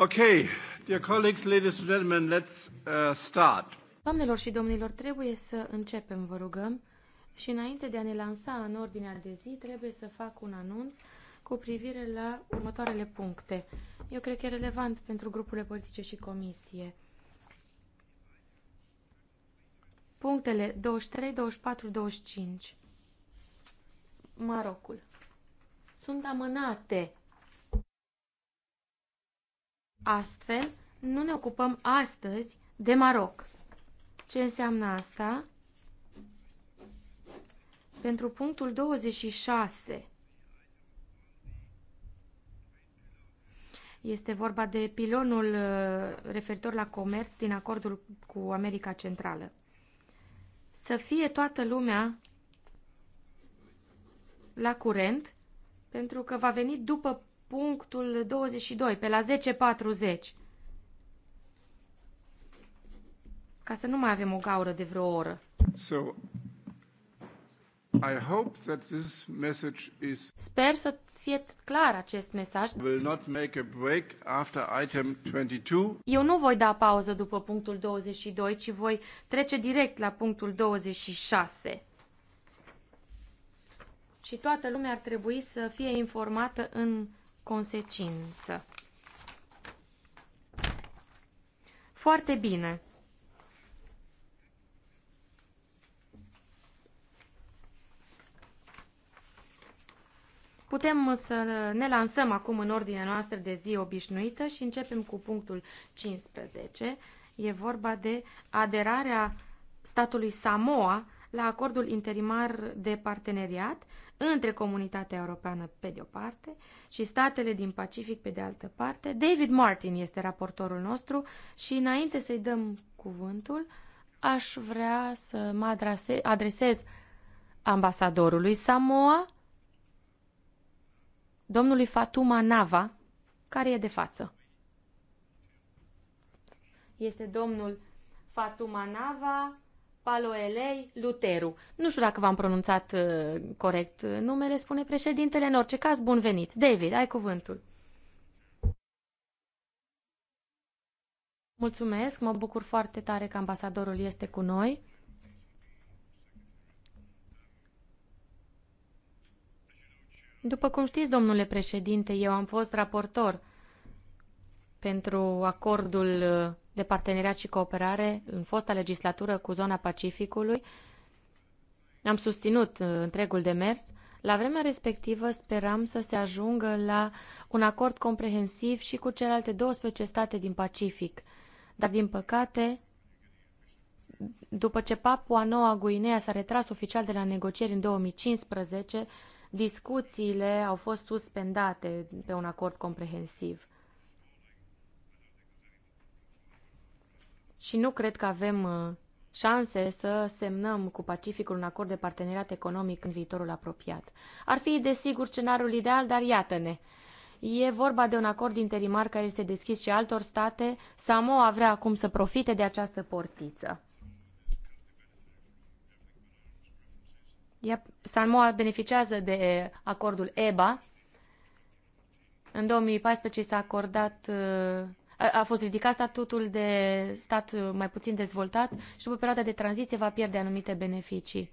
Okay, dear colleagues, ladies and gentlemen, let's uh, start. Doamnelor și domnilor, trebuie să începem, vă rugăm. Și înainte de a ne lansa în ordinea de zi, trebuie să fac un anunț cu privire la următoarele puncte. Eu cred că e relevant pentru grupurile politice și comisie. Punctele 23, 24, 25. Marocul. Sunt amânate Astfel, nu ne ocupăm astăzi de Maroc. Ce înseamnă asta? Pentru punctul 26 este vorba de pilonul uh, referitor la comerț din acordul cu America Centrală. Să fie toată lumea la curent, pentru că va veni după punctul 22, pe la 10.40. Ca să nu mai avem o gaură de vreo oră. So, I hope that this message is... Sper să fie clar acest mesaj. Will not make a break after item 22. Eu nu voi da pauză după punctul 22, ci voi trece direct la punctul 26. Și toată lumea ar trebui să fie informată în consecință. Foarte bine. Putem să ne lansăm acum în ordinea noastră de zi obișnuită și începem cu punctul 15. E vorba de aderarea statului Samoa la acordul interimar de parteneriat între Comunitatea Europeană pe de o parte și statele din Pacific pe de altă parte. David Martin este raportorul nostru și înainte să-i dăm cuvântul, aș vrea să mă adresez ambasadorului Samoa, domnului Fatuma Nava, care e de față. Este domnul Fatuma Nava, Paloelei Luteru. Nu știu dacă v-am pronunțat uh, corect uh, numele, spune președintele. În orice caz, bun venit. David, ai cuvântul. Mulțumesc, mă bucur foarte tare că ambasadorul este cu noi. După cum știți, domnule președinte, eu am fost raportor pentru acordul uh, de parteneriat și cooperare în fosta legislatură cu zona Pacificului. Am susținut uh, întregul demers. La vremea respectivă speram să se ajungă la un acord comprehensiv și cu celelalte 12 state din Pacific. Dar, din păcate, după ce Papua Noua Guinea s-a retras oficial de la negocieri în 2015, discuțiile au fost suspendate pe un acord comprehensiv. și nu cred că avem uh, șanse să semnăm cu Pacificul un acord de parteneriat economic în viitorul apropiat. Ar fi, desigur, scenariul ideal, dar iată-ne. E vorba de un acord interimar care este deschis și altor state. Samoa vrea acum să profite de această portiță. Samoa beneficiază de acordul EBA. În 2014 s-a acordat uh, a, fost ridicat statutul de stat mai puțin dezvoltat și după perioada de tranziție va pierde anumite beneficii.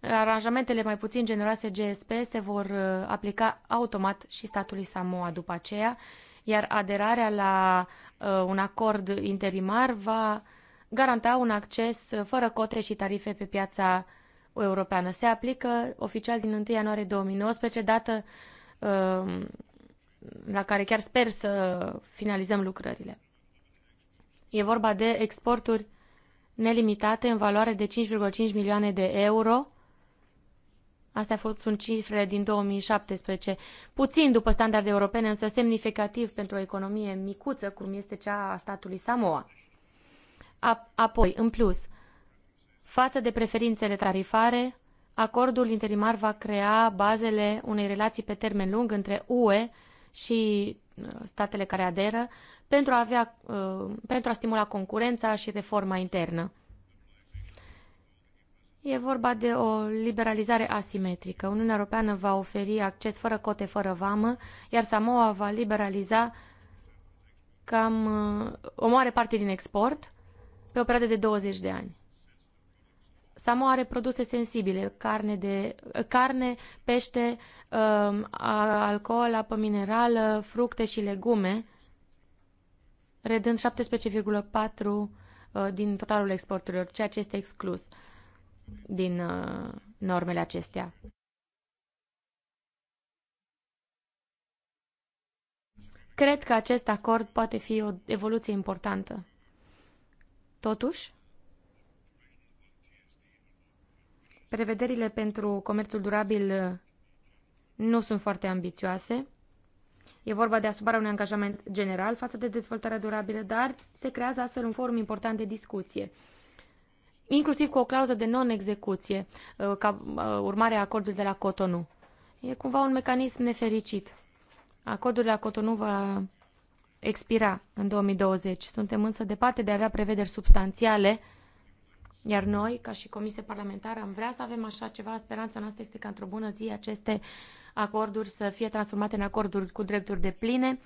Aranjamentele mai puțin generoase GSP se vor uh, aplica automat și statului Samoa după aceea, iar aderarea la uh, un acord interimar va garanta un acces uh, fără cote și tarife pe piața europeană. Se aplică oficial din 1 ianuarie 2019, dată uh, la care chiar sper să finalizăm lucrările. E vorba de exporturi nelimitate în valoare de 5,5 milioane de euro. Astea fost, sunt cifre din 2017. Puțin după standarde europene, însă semnificativ pentru o economie micuță, cum este cea a statului Samoa. apoi, în plus, față de preferințele tarifare, acordul interimar va crea bazele unei relații pe termen lung între UE și uh, statele care aderă pentru a, avea, uh, pentru a stimula concurența și reforma internă. E vorba de o liberalizare asimetrică. Uniunea Europeană va oferi acces fără cote, fără vamă, iar Samoa va liberaliza cam uh, o mare parte din export pe o perioadă de 20 de ani. Samoa are produse sensibile, carne, de, carne pește, um, alcool, apă minerală, fructe și legume, redând 17,4 uh, din totalul exporturilor, ceea ce este exclus din uh, normele acestea. Cred că acest acord poate fi o evoluție importantă. Totuși, Prevederile pentru comerțul durabil uh, nu sunt foarte ambițioase. E vorba de asumarea unui angajament general față de dezvoltarea durabilă, dar se creează astfel un forum important de discuție, inclusiv cu o clauză de non-execuție, uh, ca uh, urmare a acordului de la Cotonou. E cumva un mecanism nefericit. Acordul de la Cotonou va expira în 2020. Suntem însă departe de a avea prevederi substanțiale iar noi, ca și Comisie Parlamentară, am vrea să avem așa ceva. Speranța noastră este ca într-o bună zi aceste acorduri să fie transformate în acorduri cu drepturi de pline,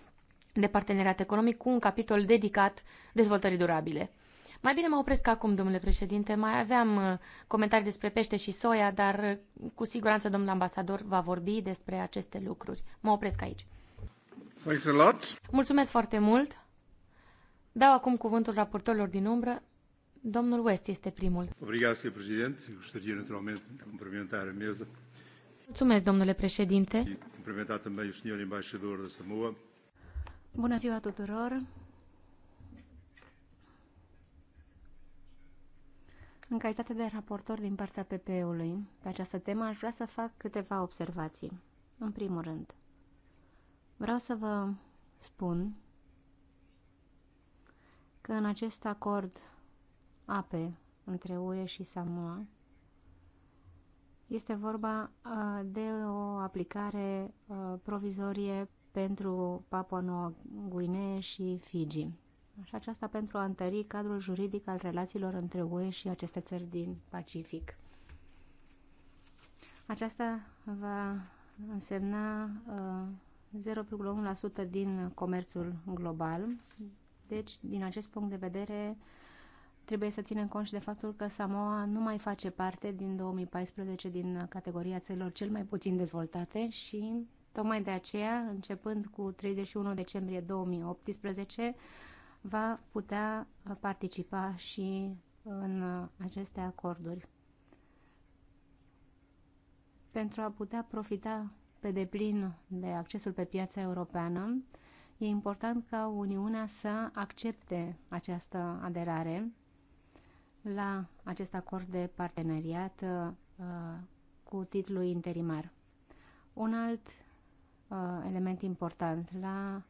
de parteneriat economic, cu un capitol dedicat dezvoltării durabile. Mai bine mă opresc acum, domnule președinte. Mai aveam uh, comentarii despre pește și soia, dar uh, cu siguranță domnul ambasador va vorbi despre aceste lucruri. Mă opresc aici. Thanks a lot. Mulțumesc foarte mult. Dau acum cuvântul raportorilor din umbră. Domnul West este primul. Mulțumesc, domnule președinte. Cumprimentar também o senhor da Samoa. Bună ziua tuturor. În calitate de raportor din partea PPE-ului pe această temă, aș vrea să fac câteva observații. În primul rând, vreau să vă spun că în acest acord ape între UE și Samoa. Este vorba uh, de o aplicare uh, provizorie pentru Papua Noua Guinee și Fiji. Și aceasta pentru a întări cadrul juridic al relațiilor între UE și aceste țări din Pacific. Aceasta va însemna 0,1% uh, din comerțul global. Deci, din acest punct de vedere, Trebuie să ținem cont de faptul că Samoa nu mai face parte din 2014 din categoria țărilor cel mai puțin dezvoltate și tocmai de aceea, începând cu 31 decembrie 2018, va putea participa și în aceste acorduri. Pentru a putea profita pe deplin de accesul pe piața europeană, e important ca Uniunea să accepte această aderare la acest acord de parteneriat uh, cu titlul interimar. Un alt uh, element important, la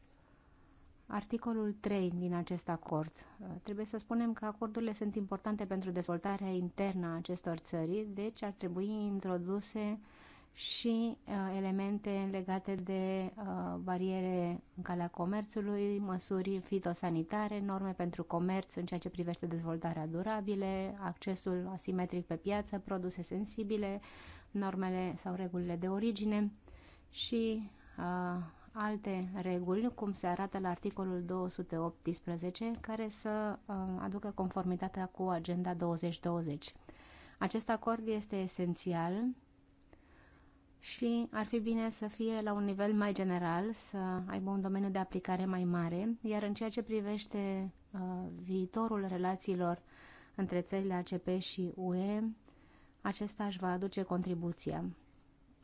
articolul 3 din acest acord, uh, trebuie să spunem că acordurile sunt importante pentru dezvoltarea internă a acestor țări, deci ar trebui introduse uh, și uh, elemente legate de uh, bariere în calea comerțului, măsuri fitosanitare, norme pentru comerț în ceea ce privește dezvoltarea durabile, accesul asimetric pe piață, produse sensibile, normele sau regulile de origine și uh, alte reguli, cum se arată la articolul 218, care să aducă conformitatea cu Agenda 2020. Acest acord este esențial și ar fi bine să fie la un nivel mai general, să aibă un domeniu de aplicare mai mare, iar în ceea ce privește uh, viitorul relațiilor între țările ACP și UE, acesta își va aduce contribuția.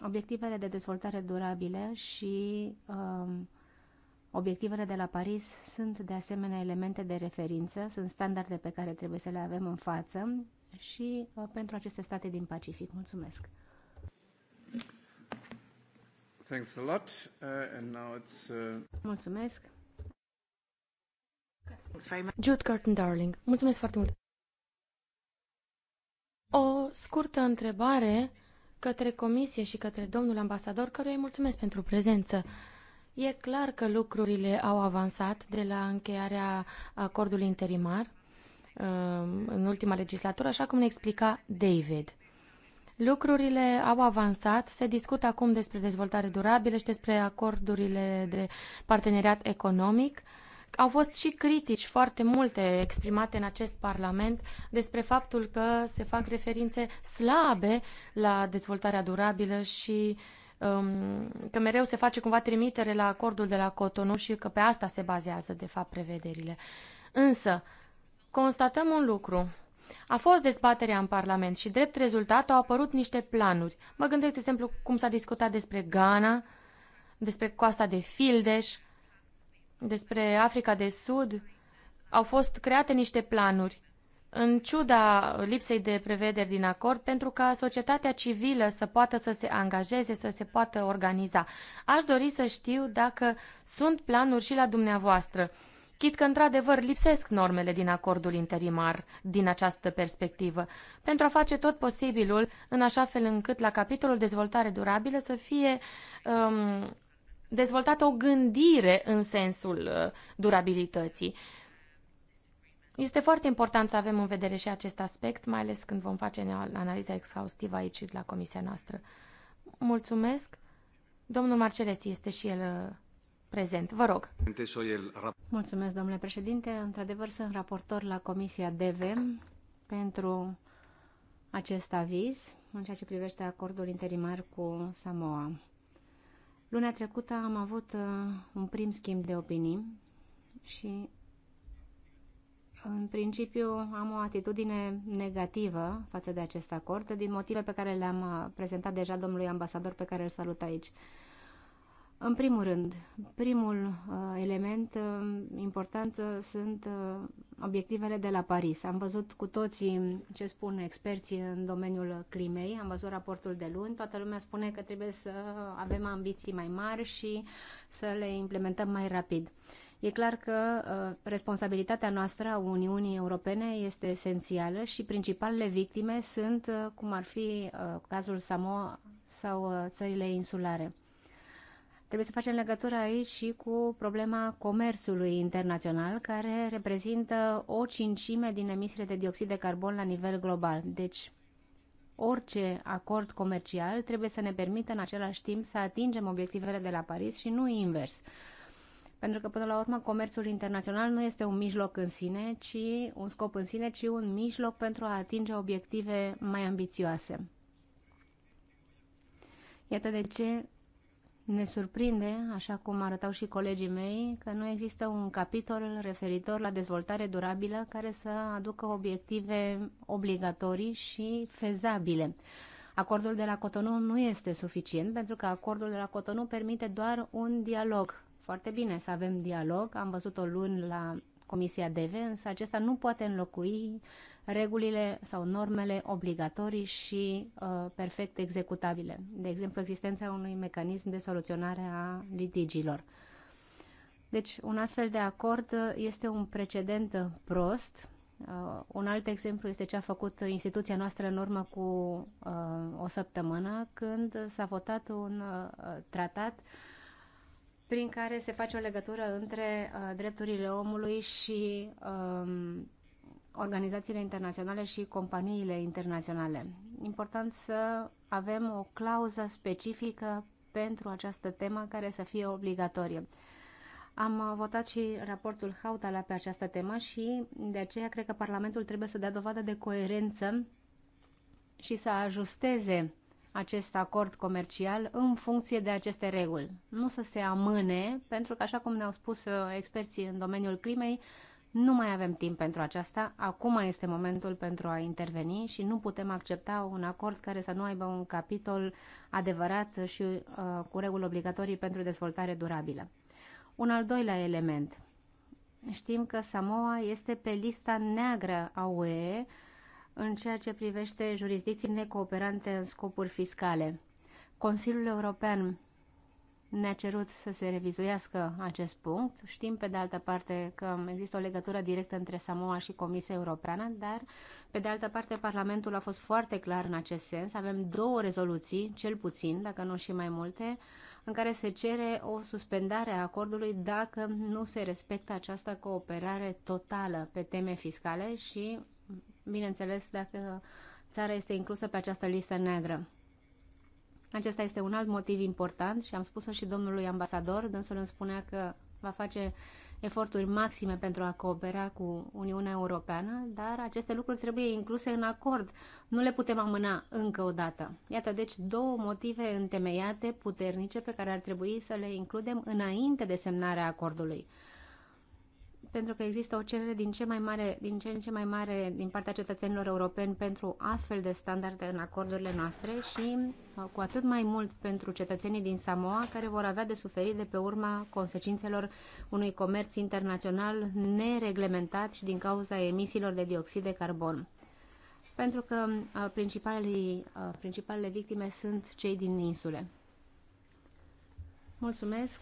Obiectivele de dezvoltare durabile și uh, obiectivele de la Paris sunt de asemenea elemente de referință, sunt standarde pe care trebuie să le avem în față și uh, pentru aceste state din Pacific. Mulțumesc! Thanks a lot. Uh, and now it's, uh... Mulțumesc. Jude Curtin Darling, mulțumesc foarte mult. O scurtă întrebare către comisie și către domnul ambasador, căruia îi mulțumesc pentru prezență. E clar că lucrurile au avansat de la încheiarea acordului interimar uh, în ultima legislatură, așa cum ne explica David. Lucrurile au avansat, se discută acum despre dezvoltare durabilă și despre acordurile de parteneriat economic. Au fost și critici foarte multe exprimate în acest Parlament despre faptul că se fac referințe slabe la dezvoltarea durabilă și um, că mereu se face cumva trimitere la acordul de la Cotonou și că pe asta se bazează, de fapt, prevederile. Însă, constatăm un lucru. A fost dezbaterea în Parlament și drept rezultat au apărut niște planuri. Mă gândesc, de exemplu, cum s-a discutat despre Ghana, despre coasta de Fildeș, despre Africa de Sud. Au fost create niște planuri în ciuda lipsei de prevederi din acord, pentru ca societatea civilă să poată să se angajeze, să se poată organiza. Aș dori să știu dacă sunt planuri și la dumneavoastră Chit că, într-adevăr, lipsesc normele din acordul interimar din această perspectivă, pentru a face tot posibilul în așa fel încât la capitolul dezvoltare durabilă să fie um, dezvoltată o gândire în sensul uh, durabilității. Este foarte important să avem în vedere și acest aspect, mai ales când vom face analiza exhaustivă aici la comisia noastră. Mulțumesc. Domnul Marcelesi este și el uh, prezent. Vă rog. Mulțumesc, domnule președinte. Într-adevăr, sunt raportor la Comisia DV pentru acest aviz în ceea ce privește acordul interimar cu Samoa. Luna trecută am avut uh, un prim schimb de opinii și în principiu am o atitudine negativă față de acest acord din motive pe care le-am uh, prezentat deja domnului ambasador pe care îl salut aici. În primul rând, primul uh, element uh, important uh, sunt obiectivele de la Paris. Am văzut cu toții ce spun experții în domeniul climei, am văzut raportul de luni, toată lumea spune că trebuie să avem ambiții mai mari și să le implementăm mai rapid. E clar că responsabilitatea noastră a Uniunii Europene este esențială și principalele victime sunt, cum ar fi cazul Samoa sau țările insulare. Trebuie să facem legătura aici și cu problema comerțului internațional, care reprezintă o cincime din emisiile de dioxid de carbon la nivel global. Deci, orice acord comercial trebuie să ne permită în același timp să atingem obiectivele de la Paris și nu invers. Pentru că, până la urmă, comerțul internațional nu este un mijloc în sine, ci un scop în sine, ci un mijloc pentru a atinge obiective mai ambițioase. Iată de ce ne surprinde, așa cum arătau și colegii mei, că nu există un capitol referitor la dezvoltare durabilă care să aducă obiective obligatorii și fezabile. Acordul de la Cotonou nu este suficient pentru că acordul de la Cotonou permite doar un dialog. Foarte bine să avem dialog, am văzut-o luni la Comisia DEVE, însă acesta nu poate înlocui regulile sau normele obligatorii și uh, perfect executabile. De exemplu, existența unui mecanism de soluționare a litigiilor. Deci, un astfel de acord este un precedent prost. Uh, un alt exemplu este ce a făcut instituția noastră în urmă cu uh, o săptămână, când s-a votat un uh, tratat prin care se face o legătură între uh, drepturile omului și uh, organizațiile internaționale și companiile internaționale. Important să avem o clauză specifică pentru această temă care să fie obligatorie. Am votat și raportul Hautala pe această temă și de aceea cred că Parlamentul trebuie să dea dovadă de coerență și să ajusteze acest acord comercial în funcție de aceste reguli. Nu să se amâne, pentru că, așa cum ne-au spus uh, experții în domeniul climei, nu mai avem timp pentru aceasta, acum este momentul pentru a interveni și nu putem accepta un acord care să nu aibă un capitol adevărat și uh, cu reguli obligatorii pentru dezvoltare durabilă. Un al doilea element. Știm că Samoa este pe lista neagră a UE în ceea ce privește jurisdicții necooperante în scopuri fiscale. Consiliul European ne-a cerut să se revizuiască acest punct. Știm, pe de altă parte, că există o legătură directă între Samoa și Comisia Europeană, dar, pe de altă parte, Parlamentul a fost foarte clar în acest sens. Avem două rezoluții, cel puțin, dacă nu și mai multe, în care se cere o suspendare a acordului dacă nu se respectă această cooperare totală pe teme fiscale și, bineînțeles, dacă țara este inclusă pe această listă neagră. Acesta este un alt motiv important și am spus-o și domnului ambasador. Dânsul îmi spunea că va face eforturi maxime pentru a coopera cu Uniunea Europeană, dar aceste lucruri trebuie incluse în acord. Nu le putem amâna încă o dată. Iată, deci, două motive întemeiate, puternice, pe care ar trebui să le includem înainte de semnarea acordului pentru că există o cerere din ce, mai mare, din ce în ce mai mare din partea cetățenilor europeni pentru astfel de standarde în acordurile noastre și uh, cu atât mai mult pentru cetățenii din Samoa care vor avea de suferit de pe urma consecințelor unui comerț internațional nereglementat și din cauza emisiilor de dioxid de carbon. Pentru că uh, principalele, uh, principalele victime sunt cei din insule. Mulțumesc!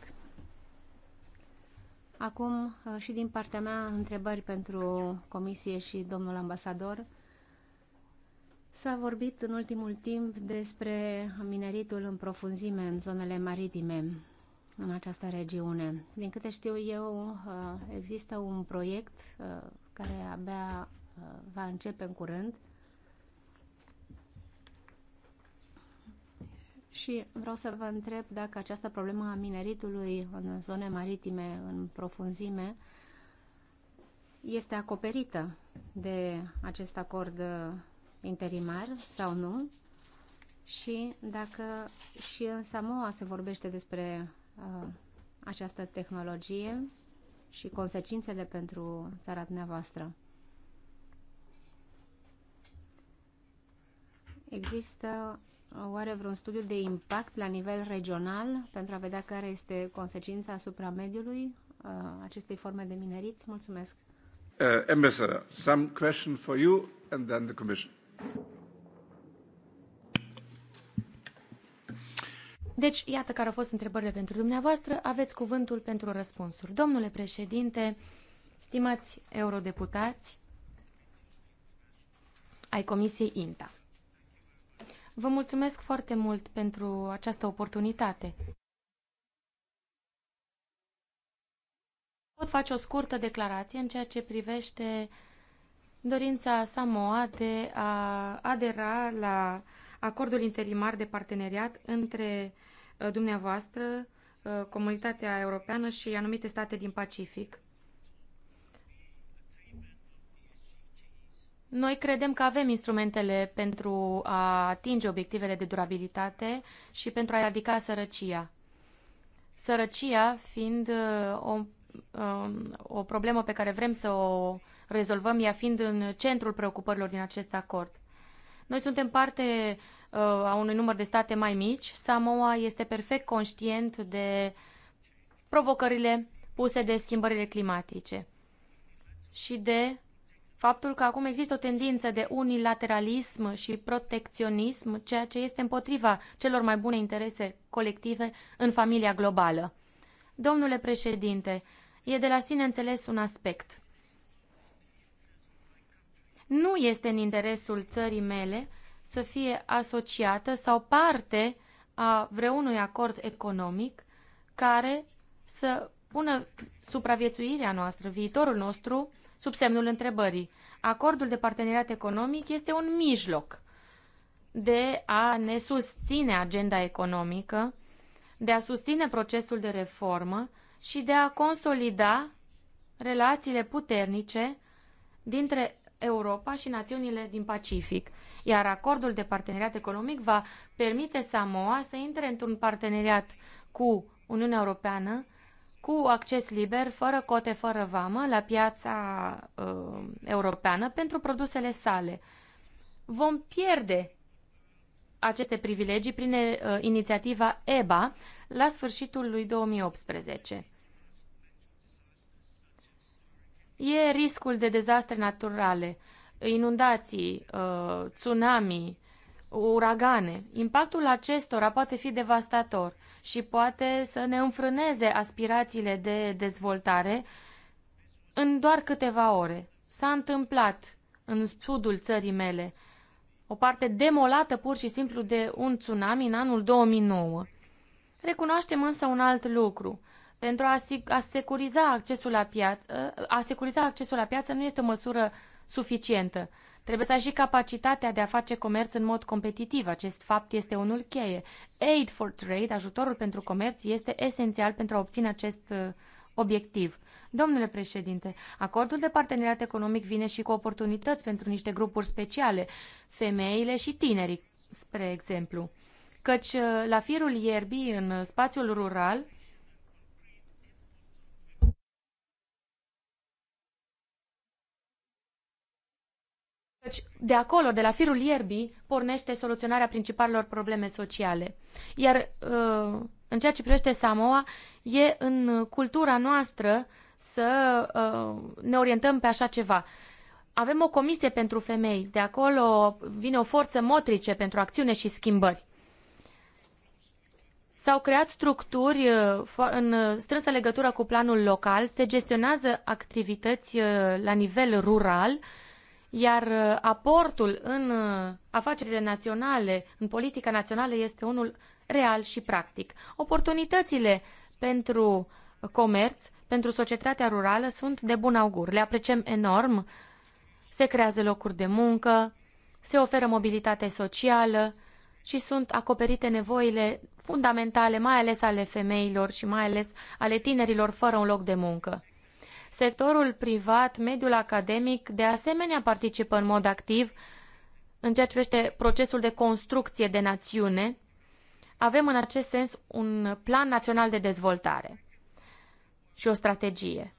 Acum uh, și din partea mea întrebări pentru comisie și domnul ambasador. S-a vorbit în ultimul timp despre mineritul în profunzime în zonele maritime în această regiune. Din câte știu eu, uh, există un proiect uh, care abia va începe în curând Și vreau să vă întreb dacă această problemă a mineritului în zone maritime, în profunzime, este acoperită de acest acord interimar sau nu și dacă și în Samoa se vorbește despre uh, această tehnologie și consecințele pentru țara dumneavoastră. Există oare vreun studiu de impact la nivel regional pentru a vedea care este consecința asupra mediului uh, acestei forme de minerit? Mulțumesc. Uh, ambassador, some question for you and then the commission. Deci, iată care au fost întrebările pentru dumneavoastră. Aveți cuvântul pentru răspunsuri. Domnule președinte, stimați eurodeputați ai Comisiei INTA. Vă mulțumesc foarte mult pentru această oportunitate. Pot face o scurtă declarație în ceea ce privește dorința Samoa de a adera la acordul interimar de parteneriat între uh, dumneavoastră, uh, comunitatea europeană și anumite state din Pacific. Noi credem că avem instrumentele pentru a atinge obiectivele de durabilitate și pentru a eradica sărăcia. Sărăcia fiind uh, o, um, o problemă pe care vrem să o rezolvăm, ea fiind în centrul preocupărilor din acest acord. Noi suntem parte uh, a unui număr de state mai mici. Samoa este perfect conștient de provocările puse de schimbările climatice și de faptul că acum există o tendință de unilateralism și protecționism, ceea ce este împotriva celor mai bune interese colective în familia globală. Domnule președinte, e de la sine înțeles un aspect. Nu este în interesul țării mele să fie asociată sau parte a vreunui acord economic care să pună supraviețuirea noastră, viitorul nostru, sub semnul întrebării. Acordul de parteneriat economic este un mijloc de a ne susține agenda economică, de a susține procesul de reformă și de a consolida relațiile puternice dintre Europa și națiunile din Pacific. Iar acordul de parteneriat economic va permite Samoa să intre într-un parteneriat cu Uniunea Europeană cu acces liber, fără cote, fără vamă, la piața uh, europeană pentru produsele sale. Vom pierde aceste privilegii prin uh, inițiativa EBA la sfârșitul lui 2018. E riscul de dezastre naturale, inundații, uh, tsunami, uragane. Impactul acestora poate fi devastator și poate să ne înfrâneze aspirațiile de dezvoltare în doar câteva ore. S-a întâmplat în sudul țării mele, o parte demolată pur și simplu de un tsunami în anul 2009. Recunoaștem însă un alt lucru. Pentru a, a securiza accesul la piață, a securiza accesul la piață nu este o măsură suficientă. Trebuie să ai și capacitatea de a face comerț în mod competitiv. Acest fapt este unul cheie. Aid for Trade, ajutorul pentru comerț, este esențial pentru a obține acest uh, obiectiv. Domnule președinte, acordul de parteneriat economic vine și cu oportunități pentru niște grupuri speciale, femeile și tinerii, spre exemplu. Căci uh, la firul ierbii, în uh, spațiul rural, Deci, de acolo, de la firul ierbii, pornește soluționarea principalelor probleme sociale. Iar uh, în ceea ce privește Samoa, e în cultura noastră să uh, ne orientăm pe așa ceva. Avem o comisie pentru femei, de acolo vine o forță motrice pentru acțiune și schimbări. S-au creat structuri uh, în strânsă legătură cu planul local, se gestionează activități la nivel rural, iar uh, aportul în uh, afacerile naționale, în politica națională, este unul real și practic. Oportunitățile pentru comerț, pentru societatea rurală sunt de bun augur. Le apreciem enorm. Se creează locuri de muncă, se oferă mobilitate socială și sunt acoperite nevoile fundamentale, mai ales ale femeilor și mai ales ale tinerilor fără un loc de muncă. Sectorul privat, mediul academic, de asemenea participă în mod activ în ceea ce privește procesul de construcție de națiune. Avem în acest sens un plan național de dezvoltare și o strategie.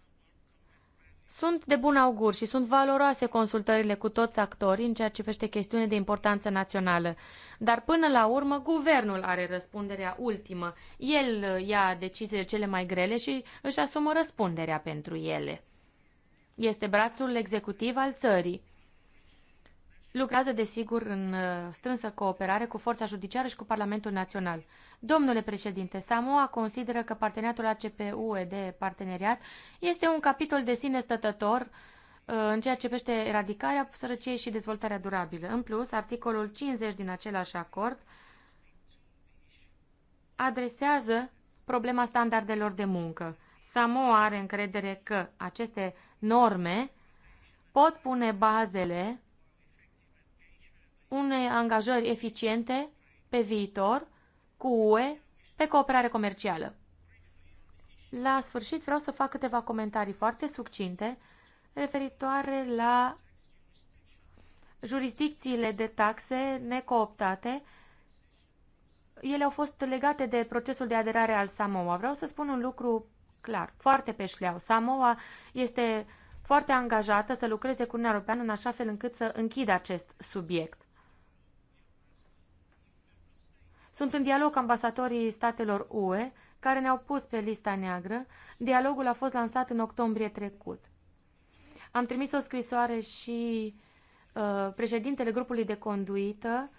Sunt de bun augur și sunt valoroase consultările cu toți actorii în ceea ce privește chestiune de importanță națională. Dar până la urmă, guvernul are răspunderea ultimă. El uh, ia deciziile cele mai grele și își asumă răspunderea pentru ele. Este brațul executiv al țării. Lucrează, desigur, în uh, strânsă cooperare cu forța judiciară și cu Parlamentul Național. Domnule președinte, Samoa consideră că parteneriatul ACP-U.E. de parteneriat este un capitol de sine stătător uh, în ceea ce privește eradicarea sărăciei și dezvoltarea durabilă. În plus, articolul 50 din același acord adresează problema standardelor de muncă. Samoa are încredere că aceste norme pot pune bazele unei angajări eficiente pe viitor cu UE pe cooperare comercială. La sfârșit vreau să fac câteva comentarii foarte succinte referitoare la jurisdicțiile de taxe necooptate. Ele au fost legate de procesul de aderare al Samoa. Vreau să spun un lucru clar, foarte pe șleau. Samoa este foarte angajată să lucreze cu Uniunea Europeană în așa fel încât să închidă acest subiect. Sunt în dialog ambasatorii ambasadorii statelor UE, care ne-au pus pe lista neagră. Dialogul a fost lansat în octombrie trecut. Am trimis o scrisoare și uh, președintele grupului de conduită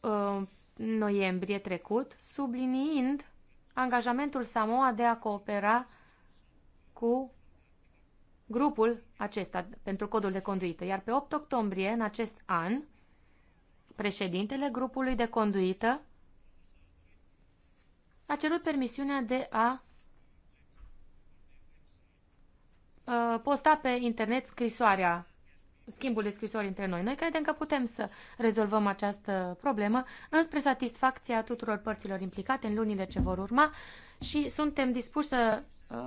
uh, noiembrie trecut, subliniind angajamentul Samoa de a coopera cu grupul acesta pentru codul de conduită. Iar pe 8 octombrie în acest an, președintele grupului de conduită a cerut permisiunea de a posta pe internet scrisoarea, schimbul de scrisori între noi. Noi credem că putem să rezolvăm această problemă înspre satisfacția tuturor părților implicate în lunile ce vor urma și suntem dispuși să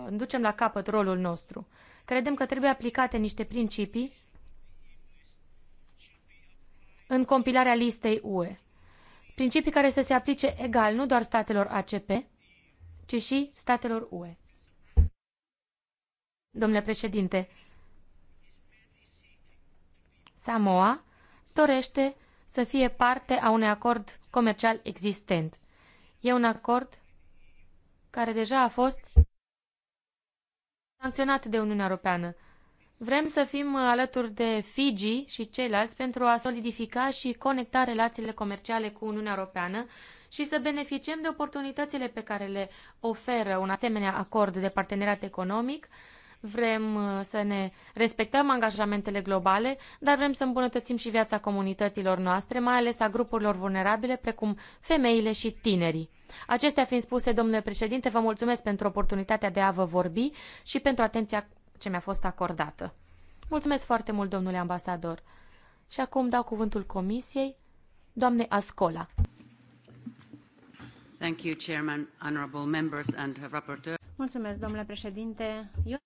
ducem la capăt rolul nostru. Credem că trebuie aplicate niște principii în compilarea listei UE principii care să se aplice egal nu doar statelor ACP, ci și statelor UE. Domnule președinte, Samoa dorește să fie parte a unui acord comercial existent. E un acord care deja a fost sancționat de Uniunea Europeană. Vrem să fim alături de Fiji și ceilalți pentru a solidifica și conecta relațiile comerciale cu Uniunea Europeană și să beneficiem de oportunitățile pe care le oferă un asemenea acord de parteneriat economic. Vrem uh, să ne respectăm angajamentele globale, dar vrem să îmbunătățim și viața comunităților noastre, mai ales a grupurilor vulnerabile, precum femeile și tinerii. Acestea fiind spuse, domnule președinte, vă mulțumesc pentru oportunitatea de a vă vorbi și pentru atenția ce mi-a fost acordată. Mulțumesc foarte mult, domnule ambasador. Și acum dau cuvântul comisiei, doamne Ascola. Thank you, Chairman, honorable members and rapporteur. Mulțumesc, domnule președinte. Eu...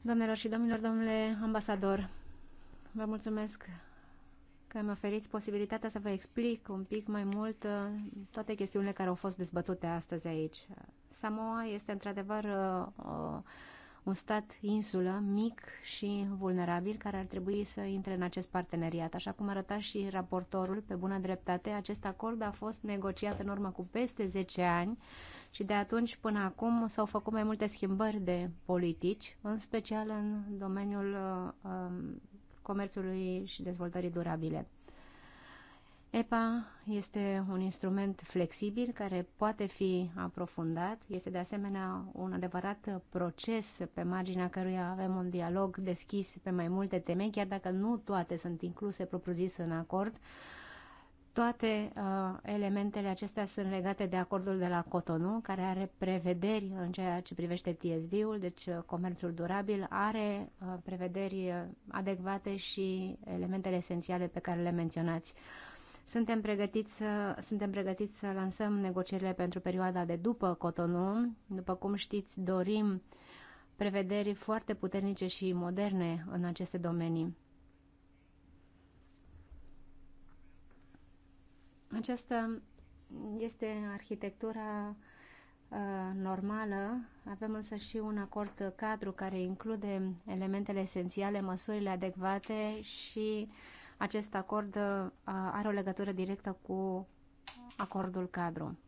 Doamnelor și domnilor, domnule ambasador, vă mulțumesc că mi oferiți posibilitatea să vă explic un pic mai mult uh, toate chestiunile care au fost dezbătute astăzi aici. Samoa este într-adevăr uh, uh, un stat insulă, mic și vulnerabil, care ar trebui să intre în acest parteneriat. Așa cum arăta și raportorul, pe bună dreptate, acest acord a fost negociat în urmă cu peste 10 ani și de atunci până acum s-au făcut mai multe schimbări de politici, în special în domeniul uh, um, comerțului și dezvoltării durabile. EPA este un instrument flexibil care poate fi aprofundat. Este de asemenea un adevărat proces pe marginea căruia avem un dialog deschis pe mai multe teme, chiar dacă nu toate sunt incluse propriu-zis în acord. Uh, toate uh, elementele acestea sunt legate de acordul de la Cotonou, care are prevederi în ceea ce privește TSD-ul, deci uh, comerțul durabil are uh, prevederi uh, adecvate și elementele esențiale pe care le menționați. Suntem pregătiți, să, suntem pregătiți să lansăm negocierile pentru perioada de după Cotonou. După cum știți, dorim prevederi foarte puternice și moderne în aceste domenii. Aceasta este arhitectura uh, normală. Avem însă și un acord cadru care include elementele esențiale, măsurile adecvate și acest acord uh, are o legătură directă cu acordul cadru.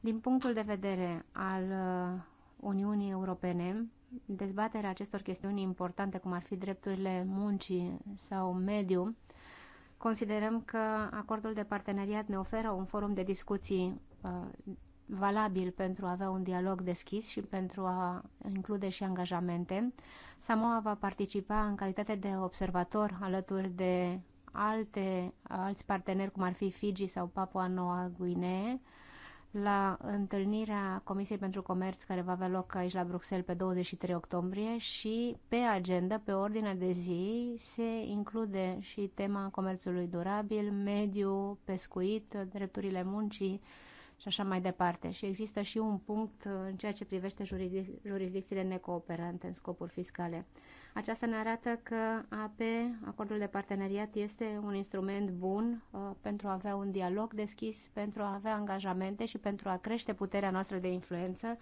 Din punctul de vedere al uh, Uniunii Europene, dezbaterea acestor chestiuni importante, cum ar fi drepturile muncii sau mediu, Considerăm că acordul de parteneriat ne oferă un forum de discuții uh, valabil pentru a avea un dialog deschis și pentru a include și angajamente. Samoa va participa în calitate de observator alături de alte, alți parteneri, cum ar fi Fiji sau Papua Noua Guinee, la întâlnirea Comisiei pentru Comerț care va avea loc aici la Bruxelles pe 23 octombrie și pe agenda, pe ordinea de zi, se include și tema comerțului durabil, mediu, pescuit, drepturile muncii și așa mai departe. Și există și un punct în ceea ce privește jurisdic jurisdicțiile necooperante în scopuri fiscale. Aceasta ne arată că AP, acordul de parteneriat, este un instrument bun uh, pentru a avea un dialog deschis, pentru a avea angajamente și pentru a crește puterea noastră de influență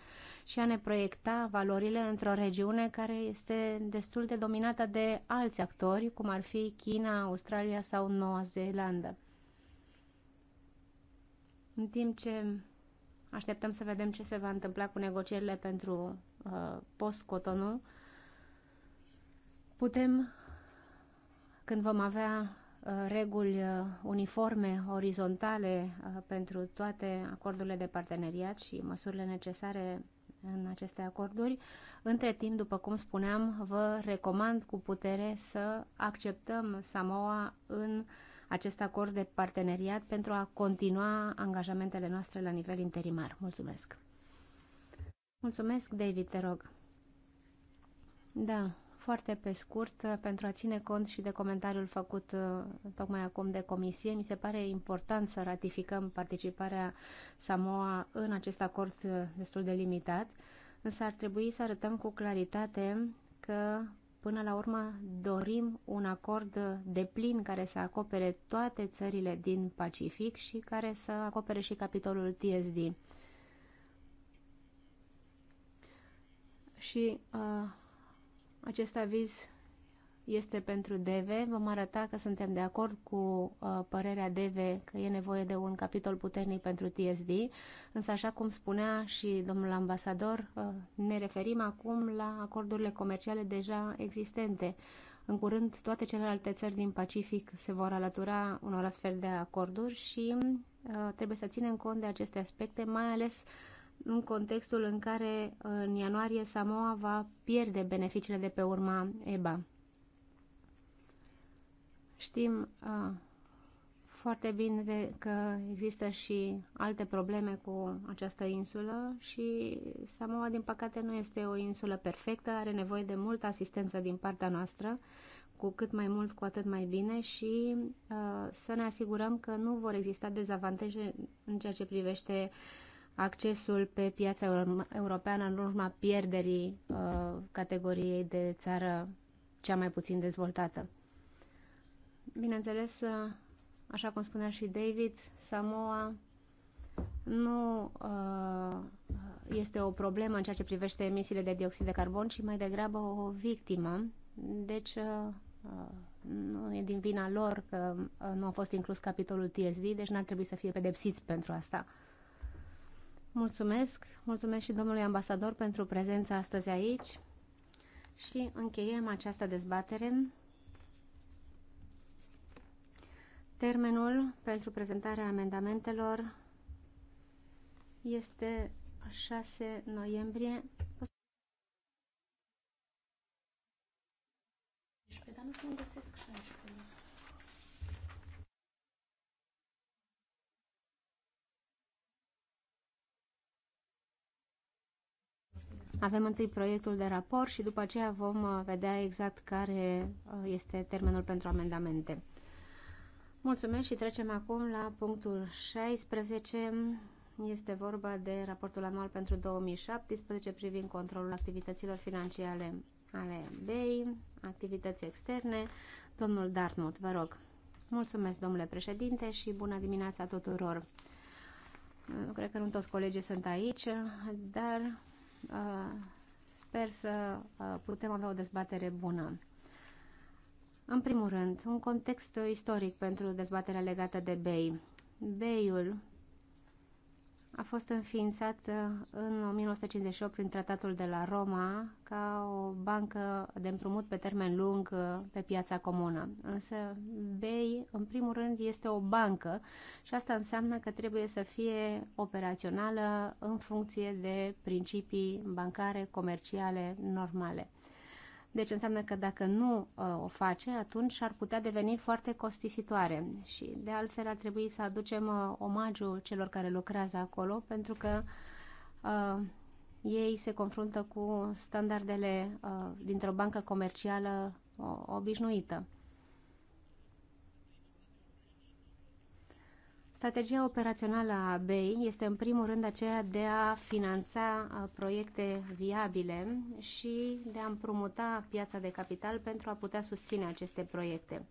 și a ne proiecta valorile într-o regiune care este destul de dominată de alți actori, cum ar fi China, Australia sau Noua Zeelandă. În timp ce așteptăm să vedem ce se va întâmpla cu negocierile pentru uh, post-Cotonou, putem, când vom avea uh, reguli uh, uniforme, orizontale uh, pentru toate acordurile de parteneriat și măsurile necesare în aceste acorduri. Între timp, după cum spuneam, vă recomand cu putere să acceptăm Samoa în acest acord de parteneriat pentru a continua angajamentele noastre la nivel interimar. Mulțumesc! Mulțumesc, David, te rog. Da, foarte pe scurt, uh, pentru a ține cont și de comentariul făcut uh, tocmai acum de comisie, mi se pare important să ratificăm participarea Samoa în acest acord uh, destul de limitat, însă ar trebui să arătăm cu claritate că până la urmă dorim un acord de plin care să acopere toate țările din Pacific și care să acopere și capitolul TSD. Și uh, acest aviz este pentru DEVE. Vom arăta că suntem de acord cu uh, părerea DEVE că e nevoie de un capitol puternic pentru TSD, însă așa cum spunea și domnul ambasador, uh, ne referim acum la acordurile comerciale deja existente. În curând, toate celelalte țări din Pacific se vor alătura unor astfel de acorduri și uh, trebuie să ținem cont de aceste aspecte, mai ales uh, în contextul în care în ianuarie Samoa va pierde beneficiile de pe urma EBA. Știm a, foarte bine că există și alte probleme cu această insulă și Samoa, din păcate, nu este o insulă perfectă, are nevoie de multă asistență din partea noastră, cu cât mai mult, cu atât mai bine și uh, să ne asigurăm că nu vor exista dezavantaje în ceea ce privește uh, accesul pe piața europeană în urma pierderii uh, categoriei de țară cea mai puțin dezvoltată. Bineînțeles, uh, așa cum spunea și David, Samoa nu uh, este o problemă în ceea ce privește emisiile de dioxid de carbon, ci mai degrabă o victimă. Deci, uh, nu e din vina lor că uh, nu a fost inclus capitolul TSD, deci n-ar trebui să fie pedepsiți pentru asta. Uh, Mulțumesc, mulțumesc și domnului ambasador pentru prezența astăzi aici și încheiem această dezbatere. Termenul pentru prezentarea amendamentelor este 6 noiembrie. Și pe dar nu găsesc 6. Avem întâi proiectul de raport și după aceea vom uh, vedea exact care uh, este termenul pentru amendamente. Mulțumesc și trecem acum la punctul 16. Este vorba de raportul anual pentru 2017 privind controlul activităților financiare ale BEI, activități externe. Domnul Dartmouth, vă rog. Mulțumesc, domnule președinte, și bună dimineața tuturor. cred că nu toți colegii sunt aici, dar Uh, sper să uh, putem avea o dezbatere bună. În primul rând, un context istoric pentru dezbaterea legată de BEI. BEI-ul a fost înființat uh, în 1958 prin tratatul de la Roma ca o bancă de împrumut pe termen lung uh, pe piața comună. Însă BEI, în primul rând, este o bancă și asta înseamnă că trebuie să fie operațională în funcție de principii bancare, comerciale, normale. Deci înseamnă că dacă nu uh, o face, atunci ar putea deveni foarte costisitoare și de altfel ar trebui să aducem uh, omagiu celor care lucrează acolo pentru că uh, ei se confruntă cu standardele dintr-o bancă comercială obișnuită. Strategia operațională a BEI este în primul rând aceea de a finanța uh, proiecte viabile și de a împrumuta piața de capital pentru a putea susține aceste proiecte.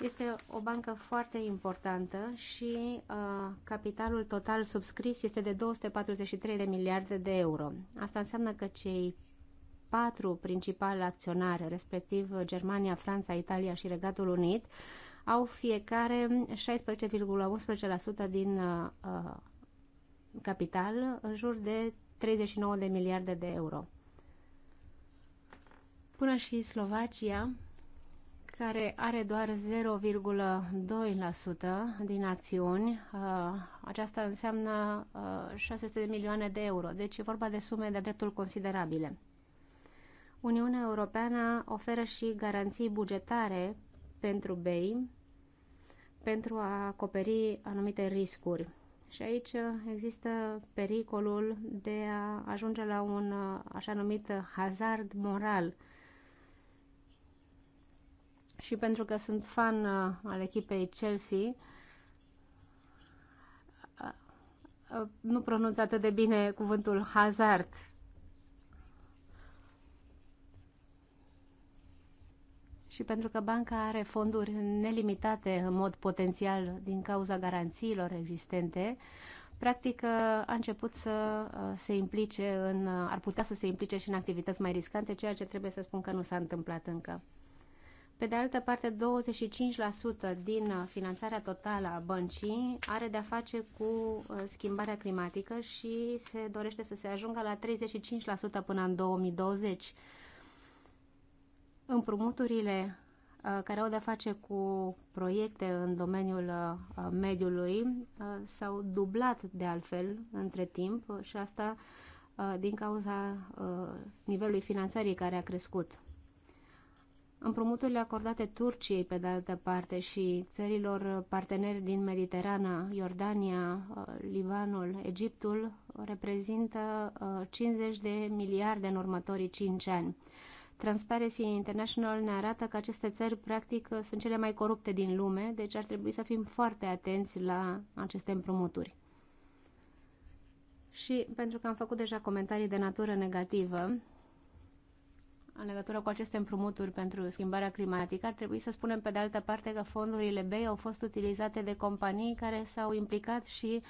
Este o bancă foarte importantă și uh, capitalul total subscris este de 243 de miliarde de euro. Asta înseamnă că cei patru principali acționari, respectiv Germania, Franța, Italia și Regatul Unit, uh, au fiecare 16,11% din uh, capital, în jur de 39 de miliarde de euro. Până și Slovacia, care are doar 0,2% din acțiuni. Uh, aceasta înseamnă 600 uh, de milioane de euro, deci e vorba de sume de dreptul considerabile. Uniunea Europeană oferă și garanții bugetare pentru BEI pentru a acoperi anumite riscuri. Și aici există pericolul de a ajunge la un uh, așa numit uh, hazard moral. Și pentru că sunt fan uh, al echipei Chelsea, nu pronunț atât de bine cuvântul hazard, și pentru că banca are fonduri nelimitate în mod potențial din cauza garanțiilor existente, practic uh, a început să uh, se implice în, uh, ar putea să se implice și în activități mai riscante, ceea ce trebuie să spun că nu s-a întâmplat încă. Pe de altă parte, 25% din finanțarea totală a băncii are de-a face cu schimbarea climatică și se dorește să se ajungă la 35% până în 2020 împrumuturile uh, care au de face cu proiecte în domeniul uh, mediului uh, s-au dublat de altfel între timp și asta din cauza nivelului finanțării care a crescut. Împrumuturile acordate Turciei, pe de altă parte, și țărilor parteneri din Mediterana, Iordania, Libanul, Egiptul, reprezintă 50 de miliarde în următorii 5 ani. Transparency International ne arată că aceste țări, practic, sunt cele mai corupte din lume, deci ar trebui să fim foarte atenți la aceste împrumuturi. Și pentru că am făcut deja comentarii de natură negativă în legătură cu aceste împrumuturi pentru schimbarea climatică, ar trebui să spunem pe de altă parte că fondurile BEI au fost utilizate de companii care s-au implicat și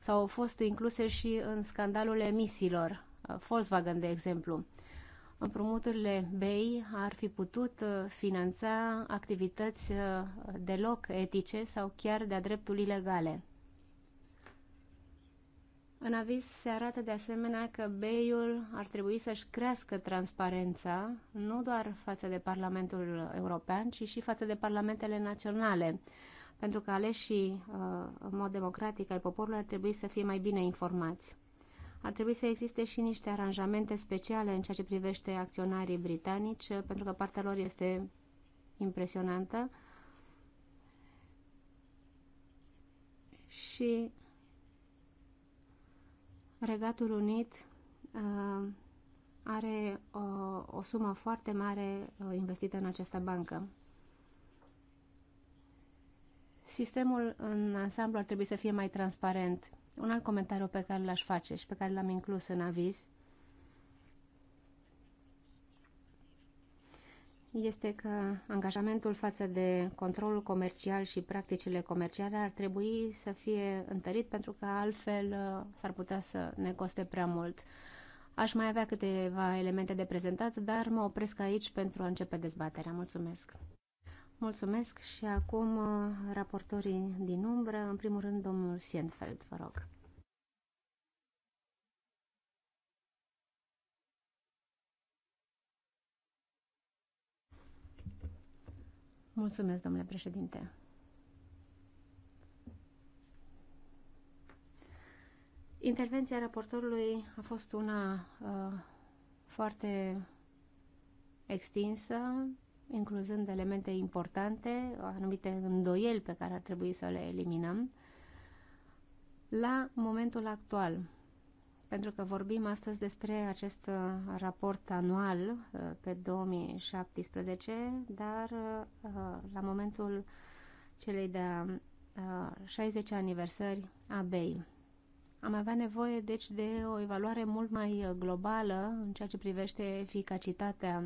sau au fost incluse și în scandalul emisiilor, Volkswagen de exemplu împrumuturile BEI ar fi putut uh, finanța activități uh, deloc etice sau chiar de-a dreptul ilegale. În aviz se arată de asemenea că BEI-ul ar trebui să-și crească transparența, nu doar față de Parlamentul European, ci și față de parlamentele naționale, pentru că aleșii uh, în mod democratic ai poporului ar trebui să fie mai bine informați ar trebui să existe și niște aranjamente speciale în ceea ce privește acționarii britanici, pentru că partea lor este impresionantă. Și Regatul Unit uh, are o, uh, o sumă foarte mare uh, investită în această bancă. Sistemul în ansamblu ar trebui să fie mai transparent un alt comentariu pe care l-aș face și pe care l-am inclus în aviz este că angajamentul față de controlul comercial și practicile comerciale ar trebui să fie întărit pentru că altfel uh, s-ar putea să ne coste prea mult. Aș mai avea câteva elemente de prezentat, dar mă opresc aici pentru a începe dezbaterea. Mulțumesc! Mulțumesc și acum uh, raportorii din umbră, în primul rând domnul Sienfeld, vă rog. Mulțumesc, domnule președinte. Intervenția raportorului a fost una uh, foarte extinsă, incluzând elemente importante, anumite îndoieli pe care ar trebui să le eliminăm, la momentul actual. Pentru că vorbim astăzi despre acest uh, raport anual uh, pe 2017, dar uh, la momentul celei de 60 aniversări a BEI. Am avea nevoie, deci, de o evaluare mult mai globală în ceea ce privește eficacitatea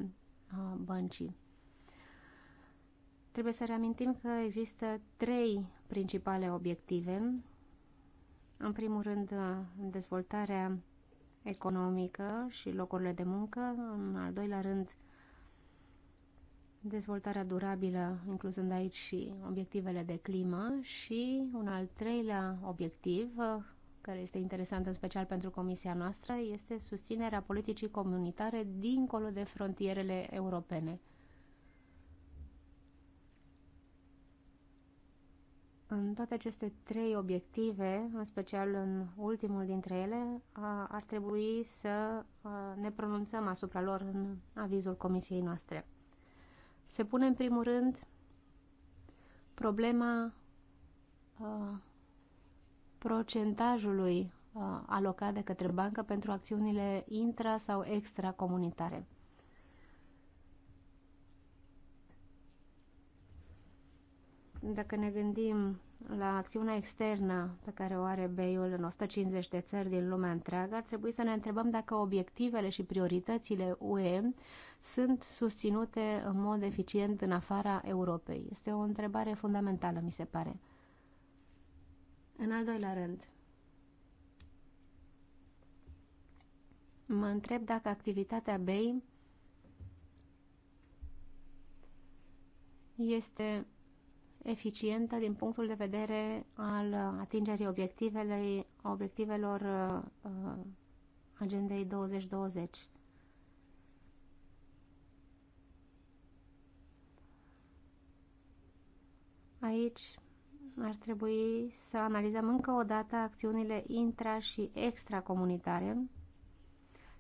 băncii. Trebuie să reamintim că există trei principale obiective. În primul rând, dezvoltarea economică și locurile de muncă. În al doilea rând, dezvoltarea durabilă, incluzând aici și obiectivele de climă. Și un al treilea obiectiv, care este interesant în special pentru comisia noastră, este susținerea politicii comunitare dincolo de frontierele europene. În toate aceste trei obiective, în special în ultimul dintre ele, ar trebui să ne pronunțăm asupra lor în avizul comisiei noastre. Se pune în primul rând problema procentajului alocat de către bancă pentru acțiunile intra- sau extracomunitare. dacă ne gândim la acțiunea externă pe care o are BEI-ul în 150 de țări din lumea întreagă, ar trebui să ne întrebăm dacă obiectivele și prioritățile UE sunt susținute în mod eficient în afara Europei. Este o întrebare fundamentală, mi se pare. În al doilea rând, mă întreb dacă activitatea BEI este eficientă din punctul de vedere al atingerii obiectivelor uh, uh agendei 2020. Aici ar trebui să analizăm încă o dată acțiunile intra- și extracomunitare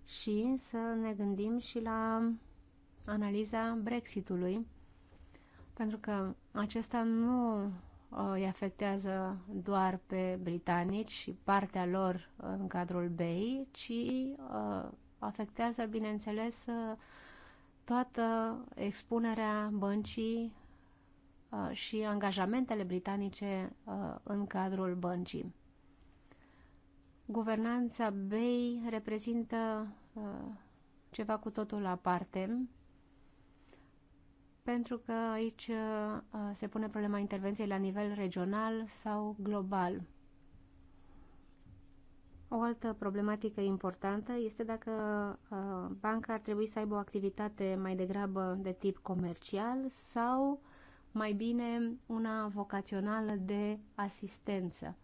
și să ne gândim și la analiza Brexitului, pentru că acesta nu uh, îi afectează doar pe britanici și partea lor în cadrul BEI, ci uh, afectează, bineînțeles, uh, toată expunerea băncii și angajamentele britanice în cadrul băncii. Guvernanța BEI reprezintă ceva cu totul aparte pentru că aici uh, se pune problema intervenției la nivel regional sau global. O altă problematică importantă este dacă uh, banca ar trebui să aibă o activitate mai degrabă de tip comercial sau mai bine una vocațională de asistență.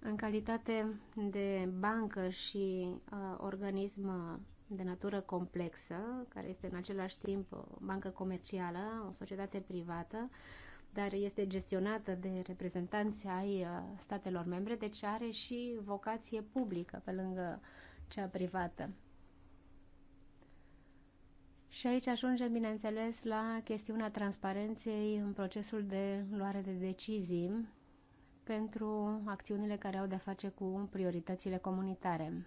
În calitate de bancă și uh, organism uh, de natură complexă, care este în același timp o bancă comercială, o societate privată, dar este gestionată de reprezentanți ai uh, statelor membre, deci are și vocație publică pe lângă cea privată. Și aici ajungem, bineînțeles, la chestiunea transparenței în procesul de luare de decizii pentru acțiunile care au de-a face cu prioritățile comunitare.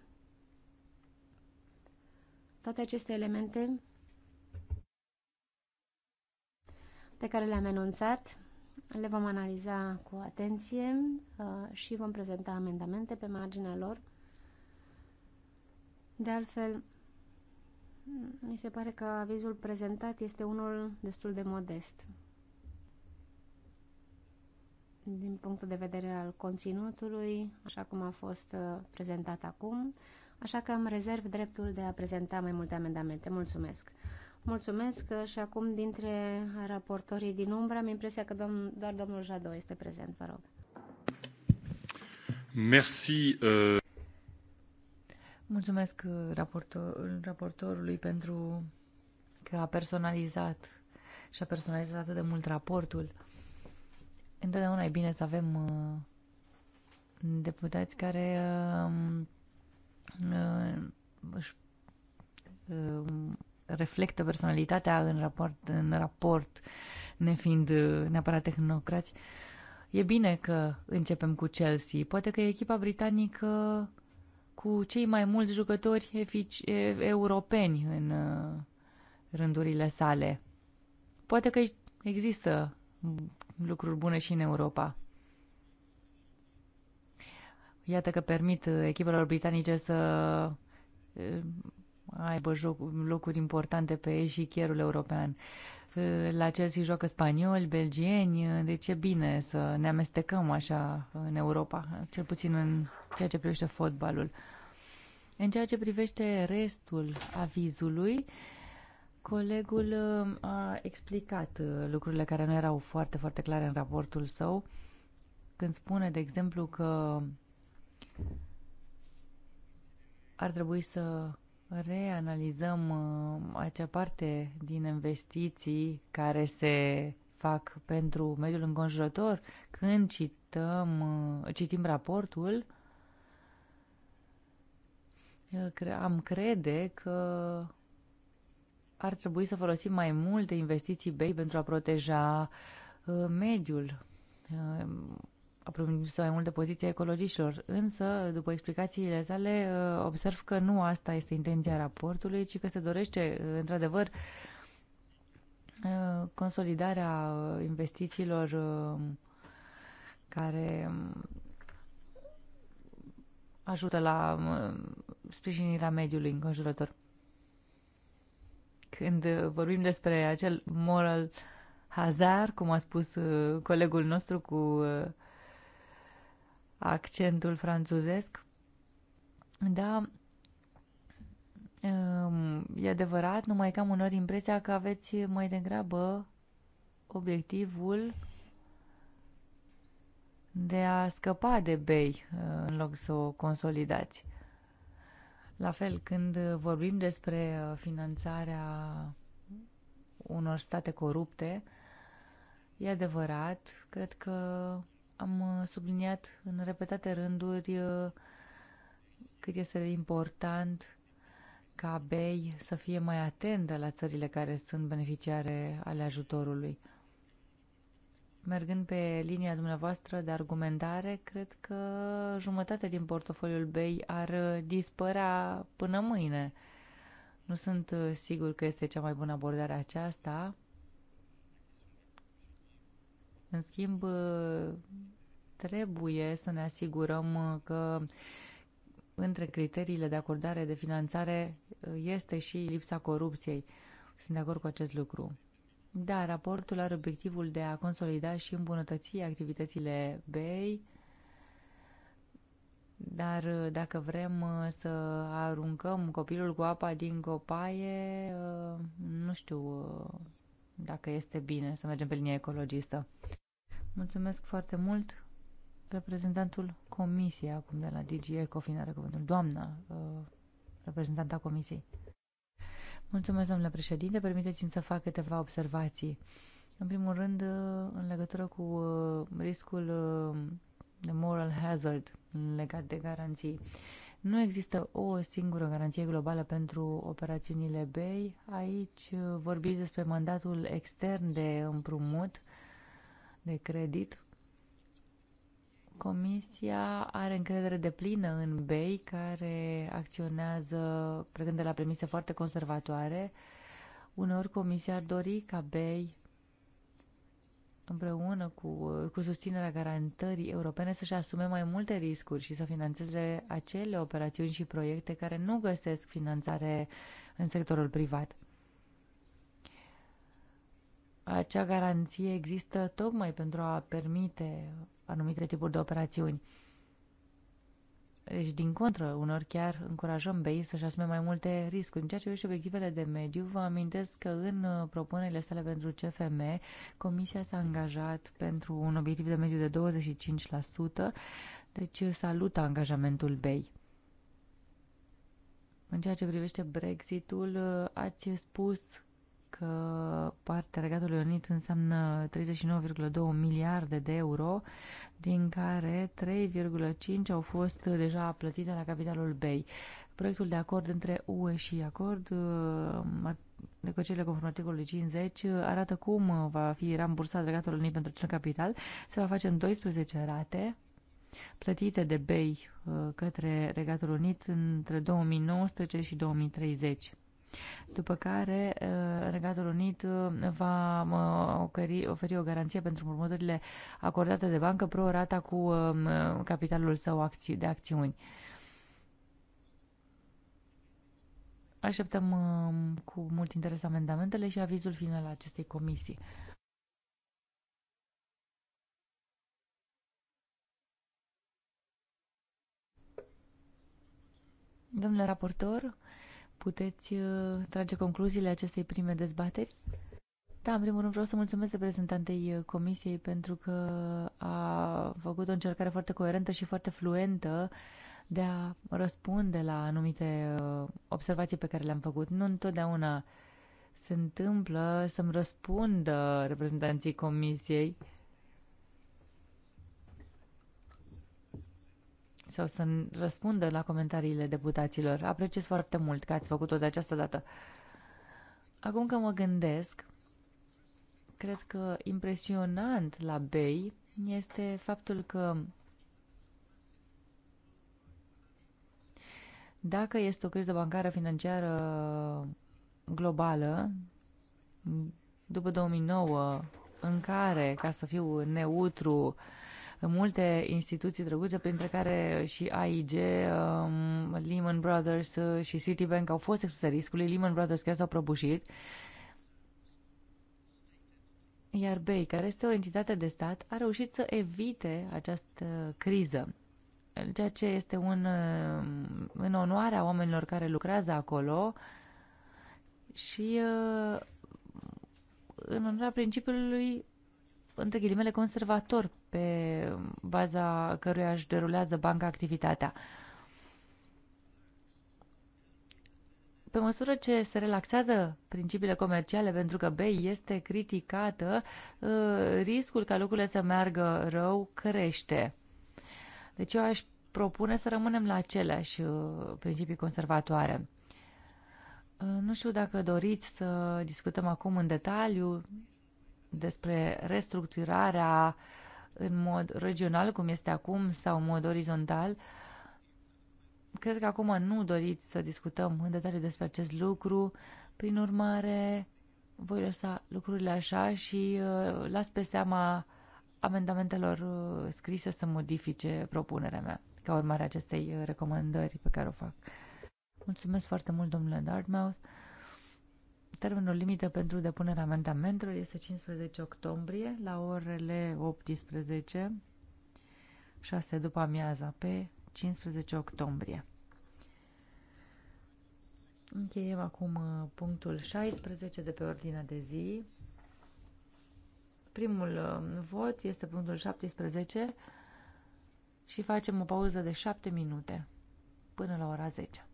Toate aceste elemente pe care le-am enunțat le vom analiza cu atenție uh, și vom prezenta amendamente pe marginea lor. De altfel, mi se pare că avizul prezentat este unul destul de modest din punctul de vedere al conținutului, așa cum a fost uh, prezentat acum așa că am rezerv dreptul de a prezenta mai multe amendamente. Mulțumesc! Mulțumesc și acum dintre raportorii din umbră am impresia că domn, doar domnul Jadot este prezent, vă rog. Merci. Uh... Mulțumesc uh, raportor, raportorului pentru că a personalizat și a personalizat atât de mult raportul. Întotdeauna e bine să avem uh, deputați care uh, Uh, își uh, reflectă personalitatea în raport, în raport nefiind uh, neapărat tehnocrați. E bine că începem cu Chelsea. Poate că e echipa britanică cu cei mai mulți jucători efici, europeni în rândurile sale. Poate că există lucruri bune și în Europa. Iată că permit uh, echipelor britanice să uh, aibă joc, locuri importante pe eșichierul european. Uh, la Chelsea joacă spanioli, belgieni, deci e bine să ne amestecăm așa în Europa, cel puțin în ceea ce privește fotbalul. În ceea ce privește restul avizului, colegul a explicat lucrurile care nu erau foarte, foarte clare în raportul său, când spune, de exemplu, că ar trebui să reanalizăm uh, acea parte din investiții care se fac pentru mediul înconjurător. Când cităm, uh, citim raportul, uh, am crede că ar trebui să folosim mai multe investiții BEI pentru a proteja mediul apropindu-se mai mult de poziția ecologiștilor. Însă, după explicațiile sale, uh, observ că nu asta este intenția raportului, ci că se dorește, uh, într-adevăr, uh, consolidarea investițiilor care um, ajută la um, sprijinirea mediului înconjurător. Când vorbim despre acel moral hazard, cum a spus colegul nostru cu accentul franțuzesc. Da, um, e adevărat, numai că am unor impresia că aveți mai degrabă obiectivul de a scăpa de bei uh, în loc să o consolidați. La fel, când vorbim despre uh, finanțarea unor state corupte, e adevărat, cred că am uh, subliniat în repetate rânduri uh, cât este de important ca BEI să fie mai atentă la țările care sunt beneficiare ale ajutorului. Mergând pe linia dumneavoastră de argumentare, cred că jumătate din portofoliul BEI ar uh, dispărea până mâine. Nu sunt sigur că este cea mai bună abordare aceasta, în schimb, trebuie să ne asigurăm că între criteriile de acordare de finanțare este și lipsa corupției. Sunt de acord cu acest lucru. Da, raportul are obiectivul de a consolida și îmbunătăți activitățile BEI, dar dacă vrem să aruncăm copilul cu apa din copaie, nu știu dacă este bine să mergem pe linia ecologistă. Mulțumesc foarte mult. Reprezentantul Comisiei acum de la DG Ecofin are cuvântul. Doamna, uh, reprezentanta Comisiei. Mulțumesc, domnule președinte. Permiteți-mi să fac câteva observații. În primul rând, uh, în legătură cu uh, riscul de moral hazard legat de garanții. Nu există o singură garanție globală pentru operațiunile BEI. Aici vorbiți despre mandatul extern de împrumut de credit. Comisia are încredere de plină în BEI, care acționează plecând de la premise foarte conservatoare. Uneori Comisia ar dori ca BEI împreună cu, cu susținerea garantării europene să-și asume mai multe riscuri și să financeze acele operațiuni și proiecte care nu găsesc finanțare în sectorul privat acea garanție există tocmai pentru a permite anumite tipuri de operațiuni. Deci, din contră, unor chiar încurajăm BEI să-și asume mai multe riscuri. În ceea ce privește obiectivele de mediu, vă amintesc că în uh, propunerile sale pentru CFM, Comisia s-a angajat pentru un obiectiv de mediu de 25%, deci uh, salută angajamentul BEI. În ceea ce privește Brexitul, uh, ați spus că partea Regatului Unit înseamnă 39,2 miliarde de euro, din care 3,5 au fost deja plătite la capitalul BEI. Proiectul de acord între UE și acord, uh, negocierile conform articolului 50, arată cum va fi rambursat Regatul Unit pentru acel capital. Se va face în 12 rate, plătite de BEI uh, către Regatul Unit între 2019 și 2030 după care uh, Regatul Unit uh, va oferi, oferi o garanție pentru următorile acordate de bancă pro rata cu uh, capitalul său de acțiuni. Așteptăm cu mult interes amendamentele și avizul final al acestei comisii. Domnule raportor, Puteți uh, trage concluziile acestei prime dezbateri? Da, în primul rând vreau să mulțumesc reprezentantei uh, Comisiei pentru că a făcut o încercare foarte coerentă și foarte fluentă de a răspunde la anumite uh, observații pe care le-am făcut. Nu întotdeauna se întâmplă să-mi răspundă reprezentanții Comisiei sau să răspundă la comentariile deputaților. Apreciez foarte mult că ați făcut-o de această dată. Acum că mă gândesc, cred că impresionant la Bay este faptul că dacă este o criză bancară financiară globală, după 2009, în care, ca să fiu neutru, uh, multe instituții drăguțe, printre care și AIG, um, Lehman Brothers uh, și Citibank au fost expuse riscului. Lehman Brothers chiar s-au prăbușit. Iar BEI, care este o entitate de stat, a reușit să evite această criză ceea ce este un, uh, în onoarea oamenilor care lucrează acolo și uh, în onoarea principiului între ghilimele, conservator pe baza căruia își derulează banca activitatea. Pe măsură ce se relaxează principiile comerciale, pentru că BEI este criticată, ă, riscul ca lucrurile să meargă rău crește. Deci eu aș propune să rămânem la aceleași ă, principii conservatoare. Ă, nu știu dacă doriți să discutăm acum în detaliu despre restructurarea în mod regional, cum este acum, sau în mod orizontal. Cred că acum nu doriți să discutăm în detaliu despre acest lucru. Prin urmare, voi lăsa lucrurile așa și uh, las pe seama amendamentelor uh, scrise să modifice propunerea mea ca urmare acestei uh, recomandări pe care o fac. Mulțumesc foarte mult, domnule Dartmouth. Termenul limită pentru depunerea amendamentelor este 15 octombrie la orele 18, 6 după amiaza, pe 15 octombrie. Încheiem acum uh, punctul 16 de pe ordinea de zi. Primul uh, vot este punctul 17 și facem o pauză de 7 minute până la ora 10.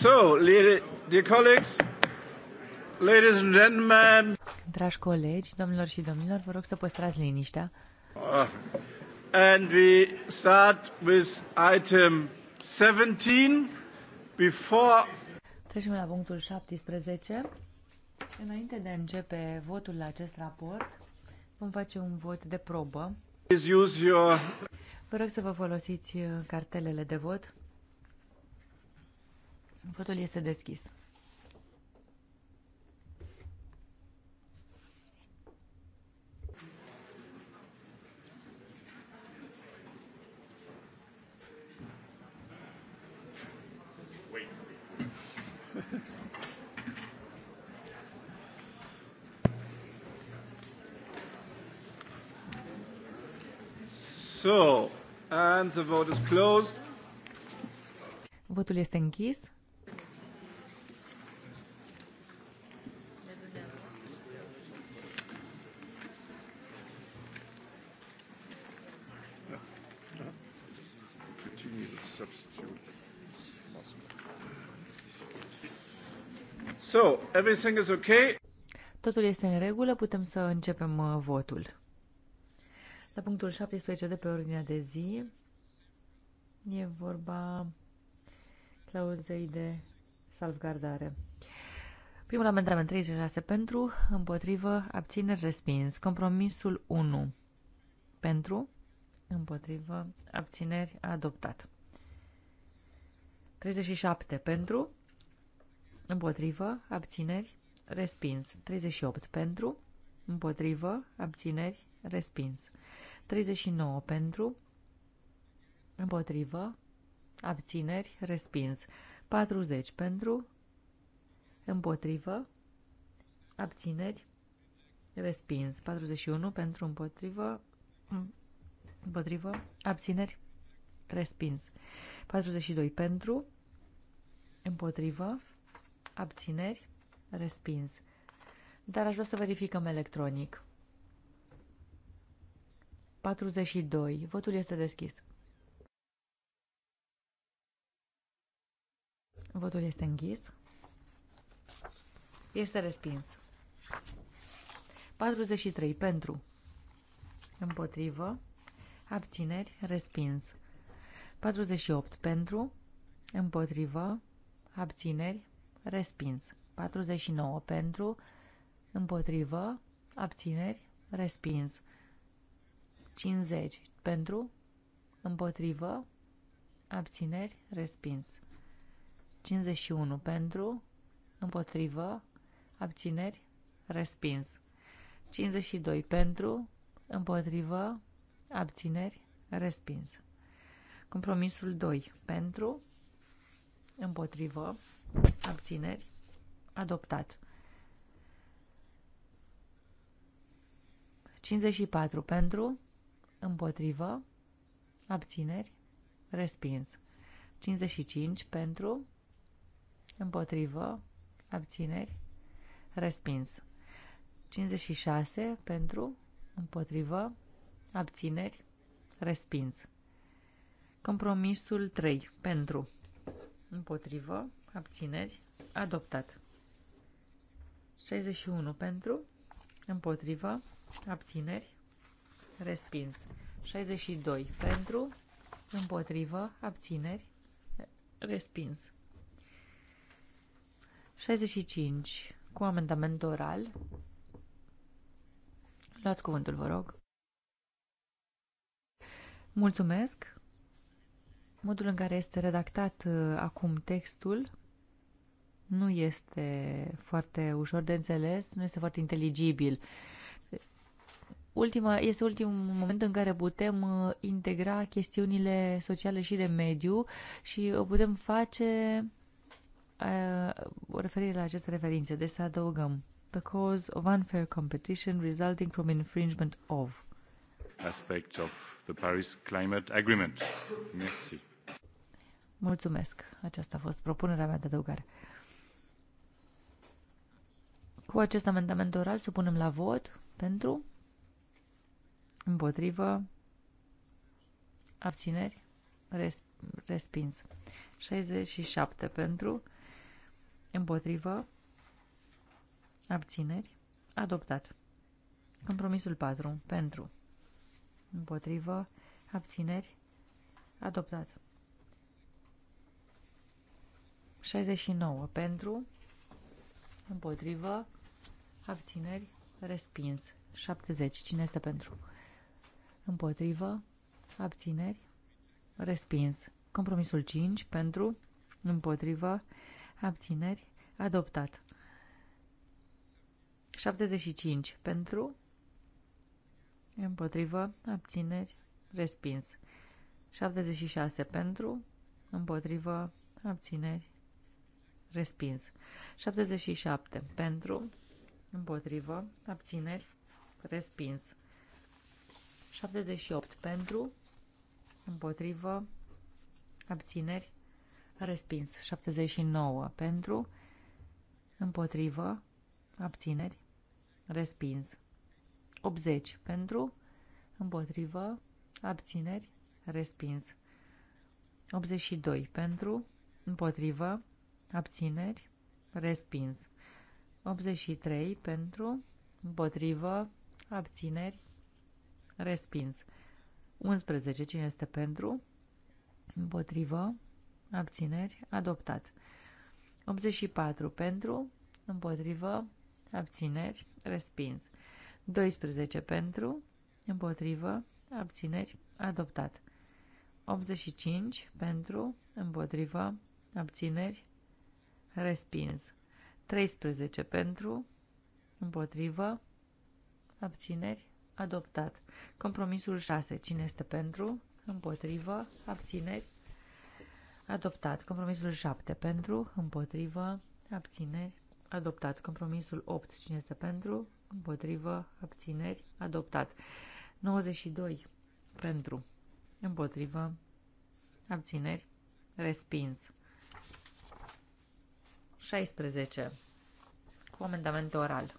So, dear colleagues, ladies and gentlemen. Dragi colegi, domnilor și domnilor, vă rog să păstrați liniștea. Ah, and we start with item 17 before Trecem la punctul 17. Înainte de a începe votul la acest raport, vom face un vot de probă. Vă rog să vă folosiți uh, cartelele de vot. Votul este deschis. So, and the vote is closed. Votul este închis. Everything is okay. Totul este în regulă, putem să începem uh, votul. La punctul 17 de pe ordinea de zi e vorba clauzei de salvgardare. Primul amendament 36 pentru, împotrivă, abțineri, respins. Compromisul 1 pentru, împotrivă, abțineri, adoptat. 37 pentru, Împotrivă, abțineri, respins. 38 pentru, împotrivă, abțineri, respins. 39 pentru, împotrivă, abțineri, respins. 40 pentru, împotrivă, abțineri, respins. 41 pentru, împotrivă, împotrivă, abțineri, respins. 42 pentru, împotrivă, Abțineri? Respins. Dar aș vrea să verificăm electronic. 42. Votul este deschis. Votul este închis. Este respins. 43. Pentru. Împotrivă. Abțineri. Respins. 48. Pentru. Împotrivă. Abțineri respins. 49 pentru, împotrivă, abțineri, respins. 50 pentru, împotrivă, abțineri, respins. 51 pentru, împotrivă, abțineri, respins. 52 pentru, împotrivă, abțineri, respins. Compromisul 2 pentru, împotrivă, abțineri, adoptat. 54 pentru, împotrivă, abțineri, respins. 55 pentru, împotrivă, abțineri, respins. 56 pentru, împotrivă, abțineri, respins. Compromisul 3 pentru, împotrivă, abțineri, adoptat. 61 pentru, împotrivă, abțineri, respins. 62 pentru, împotrivă, abțineri, respins. 65 cu amendament oral. Luați cuvântul, vă rog. Mulțumesc. Modul în care este redactat uh, acum textul nu este foarte ușor de înțeles, nu este foarte inteligibil. Ultima, este ultimul moment în care putem uh, integra chestiunile sociale și de mediu și o uh, putem face uh, o referire la această referință. Deci să adăugăm the cause of unfair competition resulting from infringement of aspects of the Paris Climate Agreement. Merci. Mulțumesc. Aceasta a fost propunerea mea de adăugare. Cu acest amendament oral supunem la vot pentru, împotrivă, abțineri, res, respins. 67 pentru, împotrivă, abțineri, adoptat. Compromisul 4 pentru, împotrivă, abțineri, adoptat. 69 pentru, împotrivă, Abțineri. Respins. 70. Cine este pentru? Împotrivă. Abțineri. Respins. Compromisul 5. Pentru. Împotrivă. Abțineri. Adoptat. 75. Pentru. Împotrivă. Abțineri. Respins. 76. Pentru. Împotrivă. Abțineri. Respins. 77. Pentru împotrivă, abțineri, respins. 78 pentru, împotrivă, abțineri, respins. 79 pentru, împotrivă, abțineri, respins. 80 pentru, împotrivă, abțineri, respins. 82 pentru, împotrivă, abțineri, respins. 83 pentru, împotrivă, abțineri, respins. 11. Cine este pentru? Împotrivă, abțineri, adoptat. 84 pentru, împotrivă, abțineri, respins. 12 pentru, împotrivă, abțineri, adoptat. 85 pentru, împotrivă, abțineri, respins. 13 pentru, împotrivă, abțineri, adoptat. Compromisul 6. Cine este pentru, împotrivă, abțineri, adoptat. Compromisul 7 pentru, împotrivă, abțineri, adoptat. Compromisul 8. Cine este pentru, împotrivă, abțineri, adoptat. 92 pentru, împotrivă, abțineri, respins. 16. Cu amendament oral.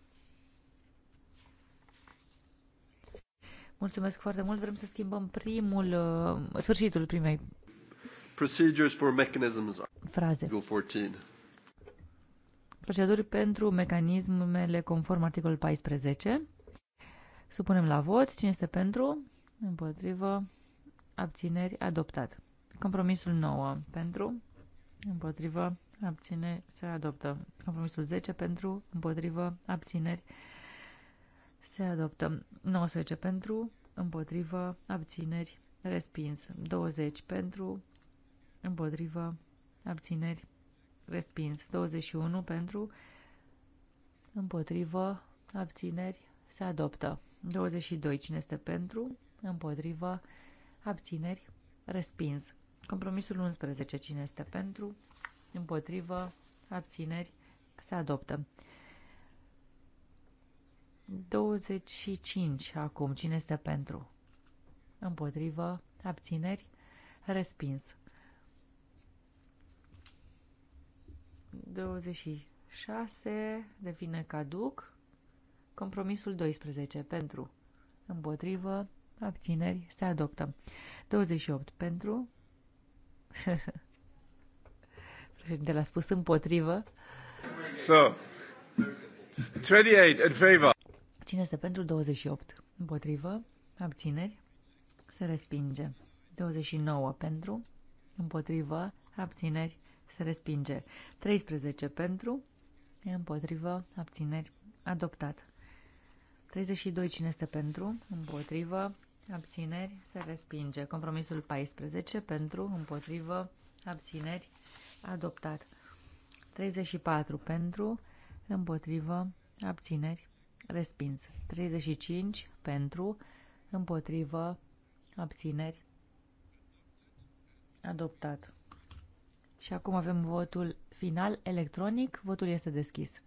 Mulțumesc foarte mult. Vrem să schimbăm primul, uh, sfârșitul primei Procedures for mechanisms. Fraze. 14. Proceduri pentru mecanismele conform articolul 14. Supunem la vot. Cine este pentru? Împotrivă. Abțineri. Adoptat. Compromisul 9. Pentru. Împotrivă abține, se adoptă. Compromisul 10 pentru, împotrivă, abțineri, se adoptă. 19 pentru, împotrivă, abțineri, respins. 20 pentru, împotrivă, abțineri, respins. 21 pentru, împotrivă, abțineri, se adoptă. 22. Cine este pentru, împotrivă, abțineri, respins. Compromisul 11. Cine este pentru, împotrivă, abțineri, se adoptă. 25 acum, cine este pentru? Împotrivă, abțineri, respins. 26 devine caduc. Compromisul 12 pentru, împotrivă, abțineri, se adoptă. 28 pentru, Președintele a spus împotrivă. So, 38 in favor. Cine este pentru 28? Împotrivă. Abțineri. Se respinge. 29 pentru. Împotrivă. Abțineri. Se respinge. 13 pentru. Împotrivă. Abțineri. Adoptat. 32 cine este pentru? Împotrivă. Abțineri. Se respinge. Compromisul 14 pentru. Împotrivă. Abțineri adoptat. 34 pentru, împotrivă, abțineri, respins. 35 pentru, împotrivă, abțineri, adoptat. Și acum avem votul final electronic. Votul este deschis.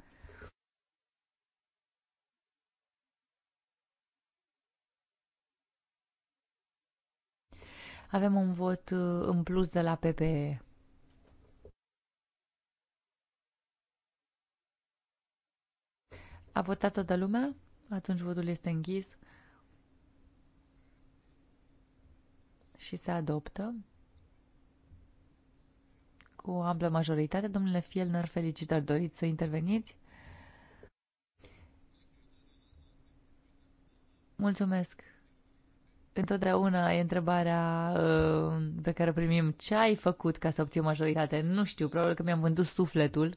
Avem un vot uh, în plus de la PPE. A votat toată lumea? Atunci votul este închis. Și se adoptă. Cu amplă majoritate, domnule Fielner, felicitări, doriți să interveniți? Mulțumesc. Întotdeauna e întrebarea uh, pe care o primim, ce ai făcut ca să obții majoritate? Nu știu, probabil că mi-am vândut sufletul.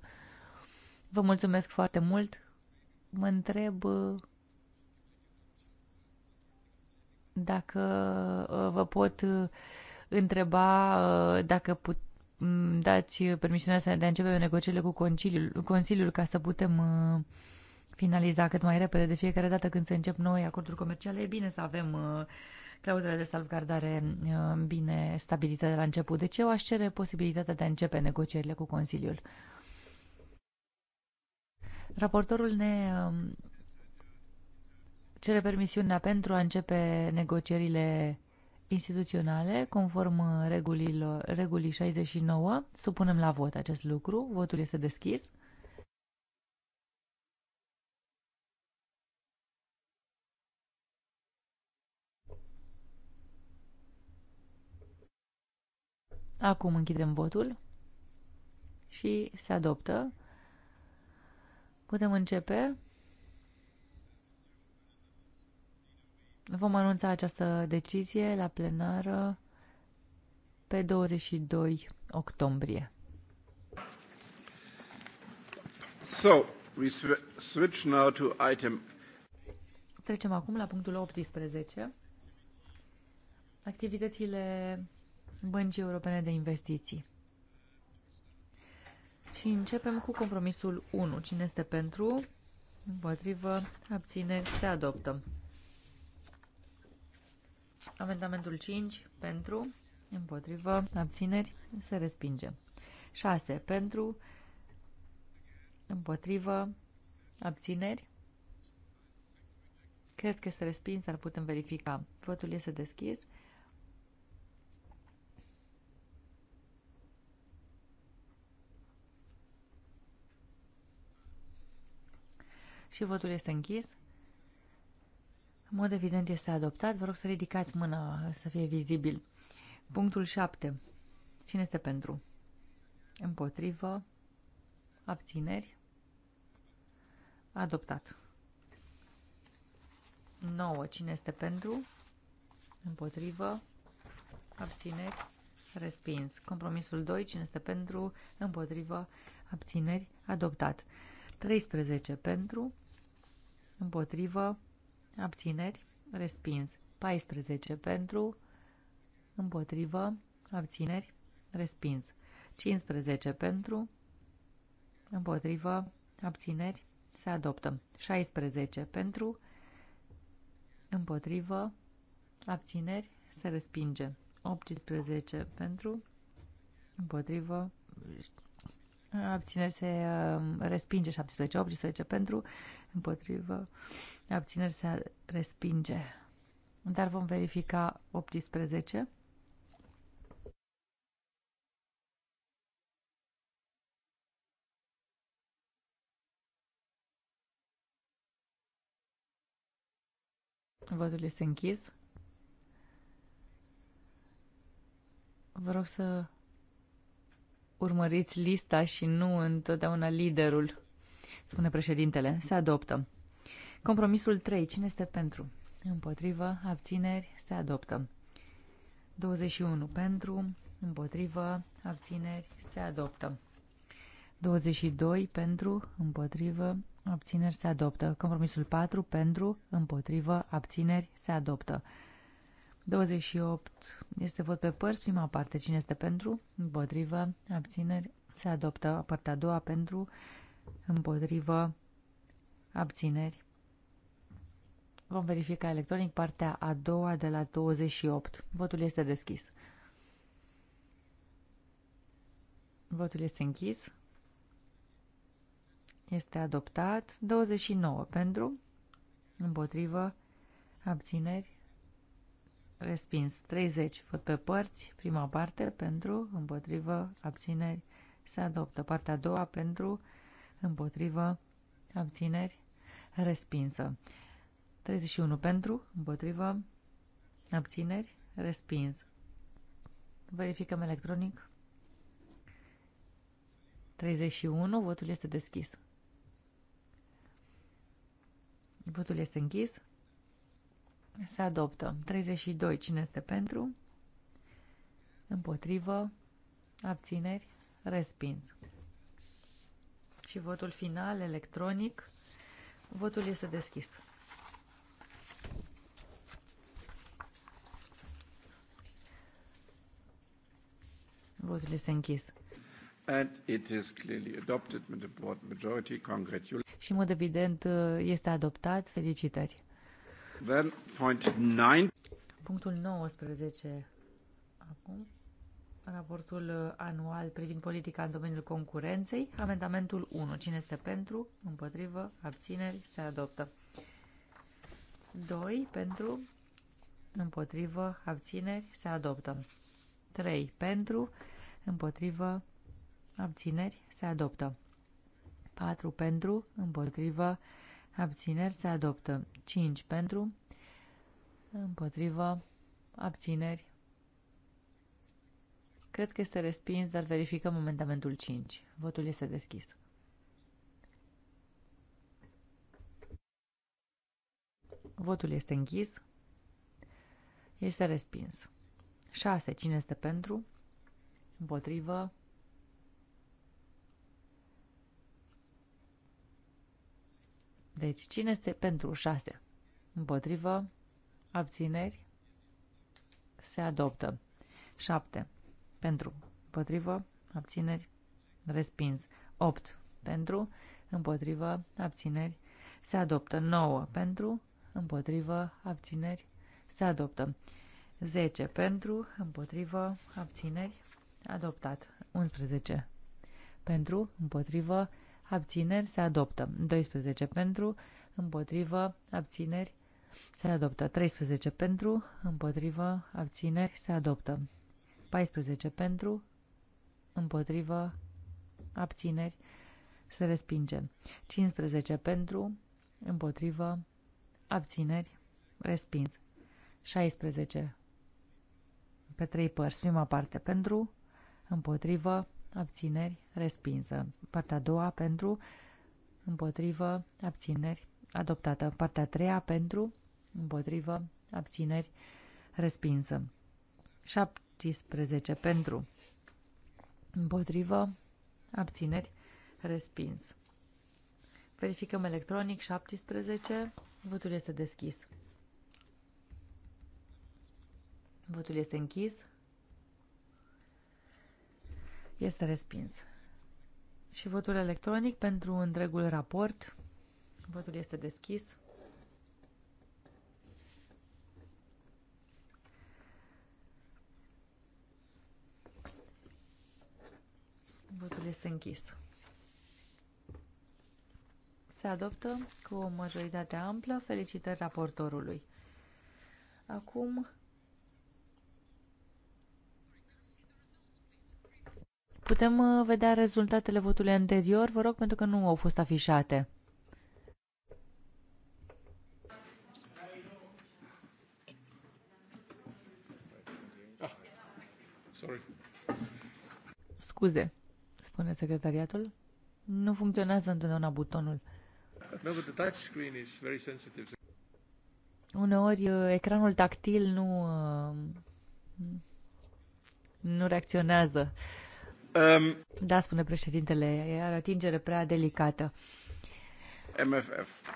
Vă mulțumesc foarte mult mă întreb uh, dacă uh, vă pot uh, întreba dacă put, mm, dați permisiunea să de a începe negocierile cu Consiliul, Consiliul ca să putem finaliza cât mai repede. De fiecare dată când se încep noi acorduri comerciale, e bine să avem clauzele de salvgardare bine stabilite de la început. Deci eu aș cere posibilitatea de a începe negocierile cu Consiliul. Raportorul ne um, cere permisiunea pentru a începe negocierile instituționale, conform uh, regulilor, regulii 69. Supunem la vot acest lucru. Votul este deschis. Acum închidem votul și se adoptă. Putem începe. Vom anunța această decizie la plenară pe 22 octombrie. So, we switch now to item. Trecem acum la punctul 18. Activitățile Băncii Europene de Investiții. Și începem cu compromisul 1. Cine este pentru? Împotrivă. Abțineri. Se adoptă. Amendamentul 5. Pentru. Împotrivă. Abțineri. Se respinge. 6. Pentru. Împotrivă. Abțineri. Cred că este respins, dar putem verifica. Votul este deschis. Și votul este închis. În mod evident este adoptat. Vă rog să ridicați mâna să fie vizibil. Punctul 7. Cine este pentru? Împotrivă. Abțineri. Adoptat. 9. Cine este pentru? Împotrivă. Abțineri. Respins. Compromisul 2. Cine este pentru? Împotrivă. Abțineri. Adoptat. 13. Pentru împotrivă, abțineri, respins. 14 pentru, împotrivă, abțineri, respins. 15 pentru, împotrivă, abțineri, se adoptă. 16 pentru, împotrivă, abțineri, se respinge. 18 pentru, împotrivă, Abțineri se uh, respinge 17, 18 pentru, împotrivă. Abțineri se respinge. Dar vom verifica 18. Votul este închis. Vă rog să urmăriți lista și nu întotdeauna liderul, spune președintele. Se adoptă. Compromisul 3. Cine este pentru? Împotrivă, abțineri, se adoptă. 21 pentru, împotrivă, abțineri, se adoptă. 22 pentru, împotrivă, abțineri, se adoptă. Compromisul 4 pentru, împotrivă, abțineri, se adoptă. 28 este vot pe părți, prima parte. Cine este pentru? Împotrivă. Abțineri. Se adoptă partea a doua pentru. Împotrivă. Abțineri. Vom verifica electronic partea a doua de la 28. Votul este deschis. Votul este închis. Este adoptat. 29 pentru. Împotrivă. Abțineri Respins 30. Vot pe părți. Prima parte pentru, împotrivă, abțineri. Se adoptă. Partea a doua pentru, împotrivă, abțineri. Respinsă. 31 pentru, împotrivă, abțineri. Respins. Verificăm electronic. 31. Votul este deschis. Votul este închis. Se adoptă. 32. Cine este pentru? Împotrivă. Abțineri. Respins. Și votul final, electronic. Votul este deschis. Votul este închis. And it is clearly adopted with a broad majority. Congratulations. Și, în mod evident, este adoptat. Felicitări! Punctul 19. Acum, raportul uh, anual privind politica în domeniul concurenței, amendamentul 1. Cine este pentru, împotrivă, abțineri, se adoptă. 2. Pentru, împotrivă, abțineri, se adoptă. 3. Pentru, împotrivă, abțineri, se adoptă. 4. Pentru, împotrivă, abțineri, abțineri se adoptă. 5 pentru, împotrivă, abțineri. Cred că este respins, dar verificăm amendamentul 5. Votul este deschis. Votul este închis. Este respins. 6. Cine este pentru? Împotrivă. Deci, cine este pentru 6? Împotrivă, abțineri, se adoptă. 7. Pentru, împotrivă, abțineri, respins. 8. Pentru, împotrivă, abțineri, se adoptă. 9. Pentru, împotrivă, abțineri, se adoptă. 10. Pentru, împotrivă, abțineri, adoptat. 11. Pentru, împotrivă, abțineri, abțineri, se adoptă. 12 pentru, împotrivă, abțineri, se adoptă. 13 pentru, împotrivă, abțineri, se adoptă. 14 pentru, împotrivă, abțineri, se respinge. 15 pentru, împotrivă, abțineri, respins. 16 pe trei părți, prima parte pentru, împotrivă, abțineri, respinsă. Partea a doua pentru, împotrivă, abțineri, adoptată. Partea a treia pentru, împotrivă, abțineri, respinsă. 17 pentru, împotrivă, abțineri, respins. Verificăm electronic 17, votul este deschis. Votul este închis. Este respins. Și votul electronic pentru întregul raport. Votul este deschis. Votul este închis. Se adoptă cu o majoritate amplă. Felicitări raportorului. Acum Putem uh, vedea rezultatele votului anterior, vă rog, pentru că nu au fost afișate. Ah, sorry. Scuze, spune secretariatul. Nu funcționează întotdeauna butonul. No, but the touch screen is very sensitive. Uneori uh, ecranul tactil nu uh, nu reacționează. Um, da, spune președintele, e o atingere prea delicată. MFF.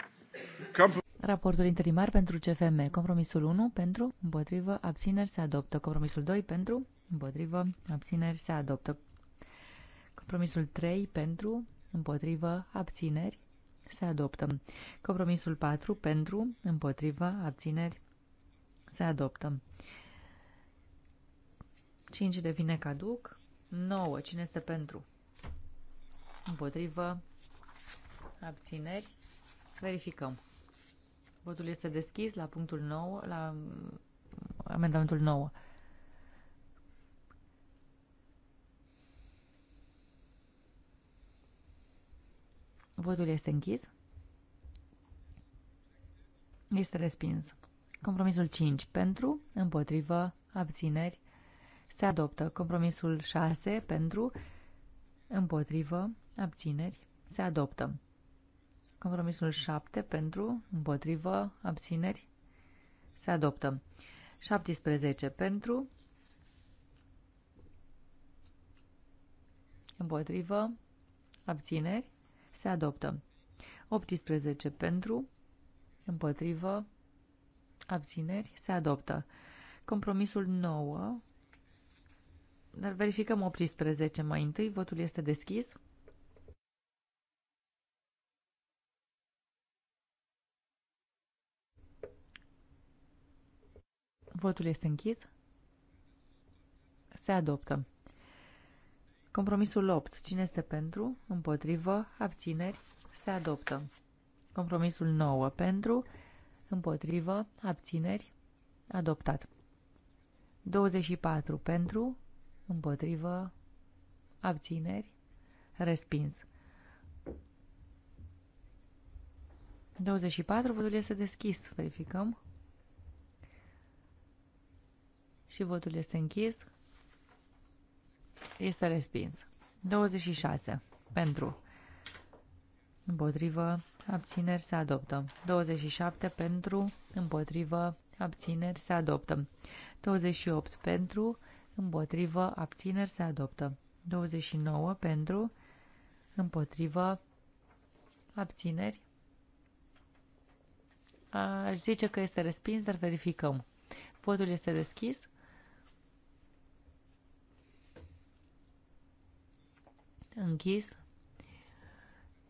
Compl- Raportul interimar pentru CFM. Compromisul 1 pentru, împotrivă, abțineri se adoptă. Compromisul 2 pentru, împotrivă, abțineri se adoptă. Compromisul 3 pentru, împotrivă, abțineri se adoptă. Compromisul 4 pentru, împotrivă, abțineri se adoptă. 5 devine caduc. 9. Cine este pentru? Împotrivă. Abțineri. Verificăm. Votul este deschis la punctul 9, la mm, amendamentul 9. Votul este închis. Este respins. Compromisul 5 pentru, împotrivă, abțineri, se adoptă. Compromisul 6 pentru, împotrivă, abțineri. Se adoptă. Compromisul 7 pentru, împotrivă, abțineri. Se adoptă. 17 pentru, împotrivă, abțineri. Se adoptă. 18 pentru, împotrivă, abțineri. Se adoptă. Compromisul 9 dar verificăm 18 mai întâi. Votul este deschis. Votul este închis. Se adoptă. Compromisul 8. Cine este pentru? Împotrivă? Abțineri? Se adoptă. Compromisul 9. Pentru? Împotrivă? Abțineri? Adoptat. 24. Pentru? împotrivă, abțineri, respins. 24, votul este deschis, verificăm. Și votul este închis. Este respins. 26, pentru, împotrivă, abțineri, se adoptă. 27, pentru, împotrivă, abțineri, se adoptă. 28, pentru, împotrivă, abțineri se adoptă. 29 pentru, împotrivă, abțineri. Aș zice că este respins, dar verificăm. Votul este deschis. Închis.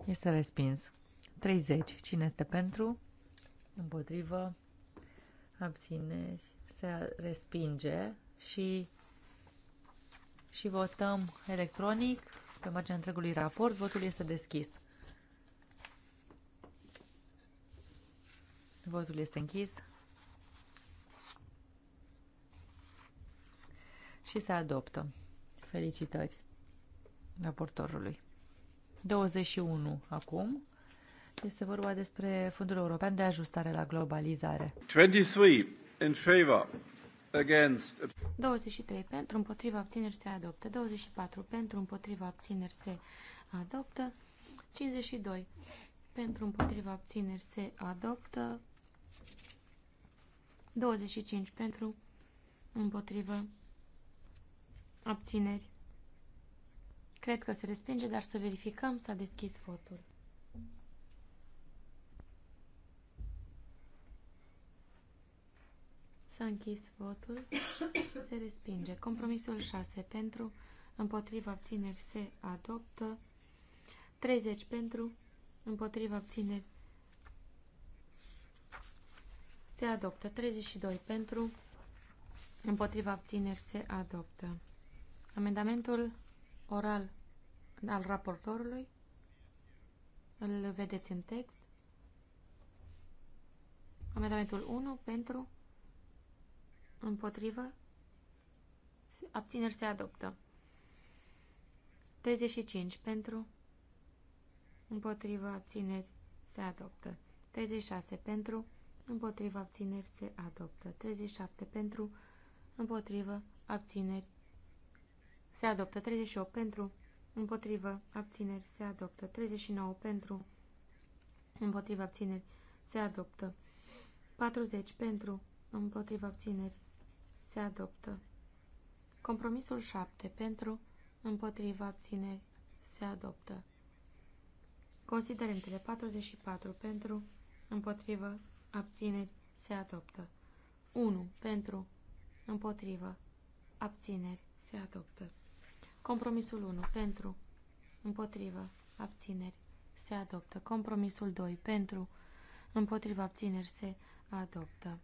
Este respins. 30. Cine este pentru? Împotrivă. Abțineri. Se respinge și și votăm electronic pe marginea întregului raport. Votul este deschis. Votul este închis. Și se adoptă. Felicitări raportorului. 21 acum. Este vorba despre Fondul European de Ajustare la Globalizare. 23 in favor. Against. 23 pentru, împotriva abțineri se adoptă. 24 pentru, împotriva abțineri se adoptă. 52 pentru, împotriva abțineri se adoptă. 25 pentru, împotriva abțineri. Cred că se respinge, dar să verificăm. S-a deschis votul. S-a închis votul. Se respinge. Compromisul 6 pentru, împotriva abțineri se adoptă. 30 pentru, împotriva abțineri se adoptă. 32 pentru, împotriva abțineri se adoptă. Amendamentul oral al raportorului îl vedeți în text. Amendamentul 1 pentru Împotrivă? Abțineri se adoptă. 35. Pentru? Împotrivă abțineri se adoptă. 36. Pentru? Împotrivă abțineri se adoptă. 37. Pentru? Împotrivă abțineri se adoptă. 38. Pentru? Împotrivă abțineri se adoptă. 39. Pentru? Împotrivă abțineri se adoptă. 40. Pentru? Împotrivă abțineri se adoptă. Compromisul 7 pentru, împotriva abțineri, se adoptă. Considerentele 44 pentru, împotriva abțineri, se adoptă. 1 pentru, împotriva abțineri, se adoptă. Compromisul 1 pentru, împotriva abțineri, se adoptă. Compromisul 2 pentru, împotriva abțineri, se adoptă.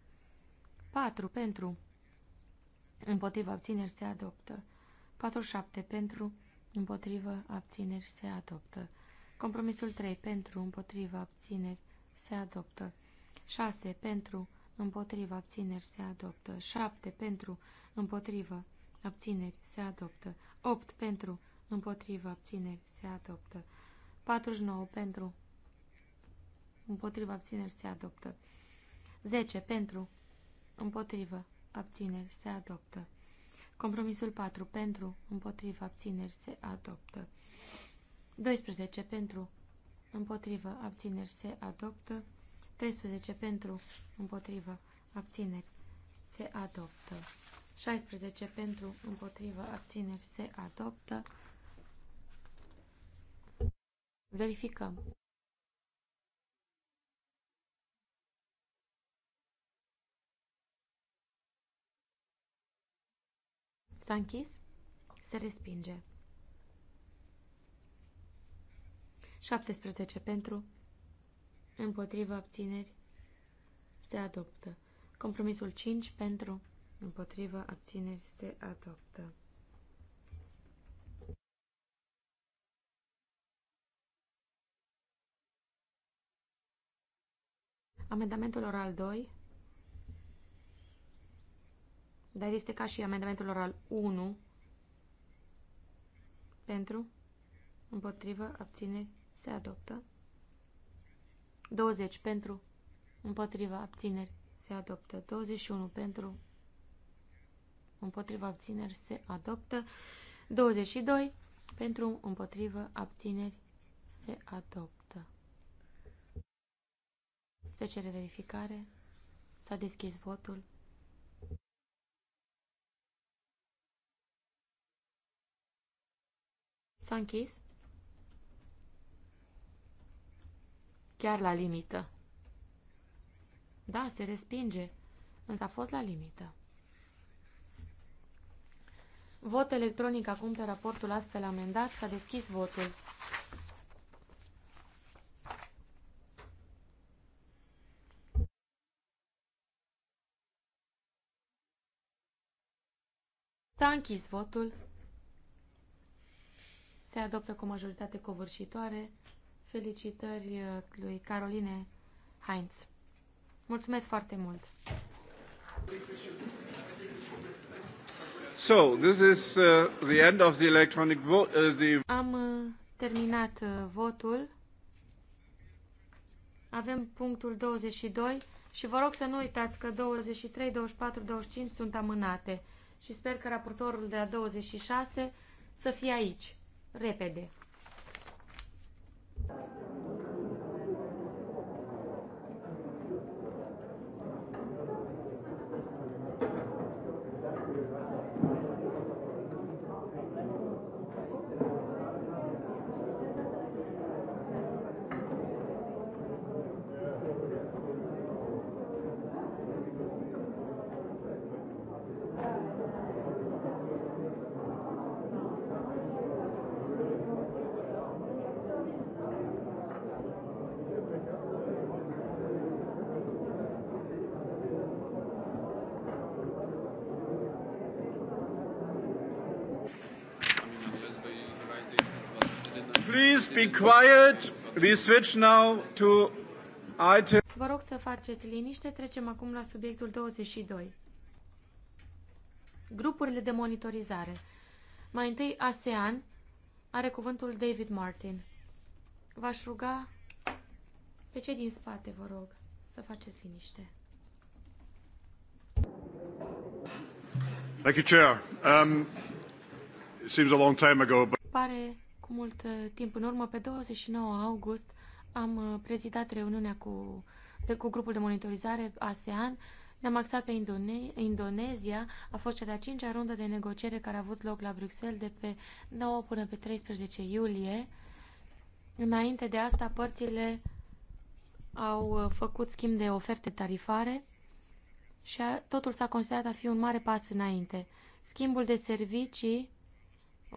4 pentru, Împotriva abțineri se adoptă. 47 pentru, împotriva abțineri se adoptă. Compromisul 3 pentru, împotriva abțineri se adoptă. 6 pentru, împotriva abțineri se adoptă. 7 pentru, împotriva abțineri se adoptă. 8 pentru, împotriva abțineri se adoptă. 49 pentru, împotriva abțineri se adoptă. 10 pentru, împotriva abțineri, se adoptă. Compromisul 4. Pentru, împotrivă, abțineri, se adoptă. 12. Pentru, împotrivă, abțineri, se adoptă. 13. Pentru, împotrivă, abțineri, se adoptă. 16. Pentru, împotrivă, abțineri, se adoptă. Verificăm. S-a închis? Se respinge. 17 pentru, împotriva abțineri, se adoptă. Compromisul 5 pentru, împotriva abțineri, se adoptă. Amendamentul oral 2 dar este ca și amendamentul oral 1 pentru, împotrivă, abțineri, se adoptă. 20 pentru, împotrivă, abțineri, se adoptă. 21 pentru, împotrivă, abțineri, se adoptă. 22 pentru, împotrivă, abțineri, se adoptă. Se cere verificare. S-a deschis votul. S-a închis. Chiar la limită. Da, se respinge, însă a fost la limită. Vot electronic acum pe raportul astfel amendat. S-a deschis votul. S-a închis votul se adoptă cu majoritate covârșitoare. Felicitări uh, lui Caroline Heinz. Mulțumesc foarte mult! So, this is uh, the end of the electronic vote. Uh, the... Am uh, terminat uh, votul. Avem punctul 22 și vă rog să nu uitați că 23, 24, 25 sunt amânate și sper că raportorul de la 26 să fie aici repede. be quiet. We switch now to item. Vă rog să faceți liniște. Trecem acum la subiectul 22. Grupurile de monitorizare. Mai întâi ASEAN are cuvântul David Martin. V-aș ruga pe cei din spate, vă rog, să faceți liniște. Thank you, Chair. Um, it seems a long time ago, but... Pare cu mult uh, timp în urmă, pe 29 august, am uh, prezidat reuniunea cu, de, cu grupul de monitorizare ASEAN. Ne-am axat pe Indone- Indonezia. A fost cea de-a cincea rundă de negociere care a avut loc la Bruxelles de pe 9 până pe 13 iulie. Înainte de asta, părțile au uh, făcut schimb de oferte tarifare și a, totul s-a considerat a fi un mare pas înainte. Schimbul de servicii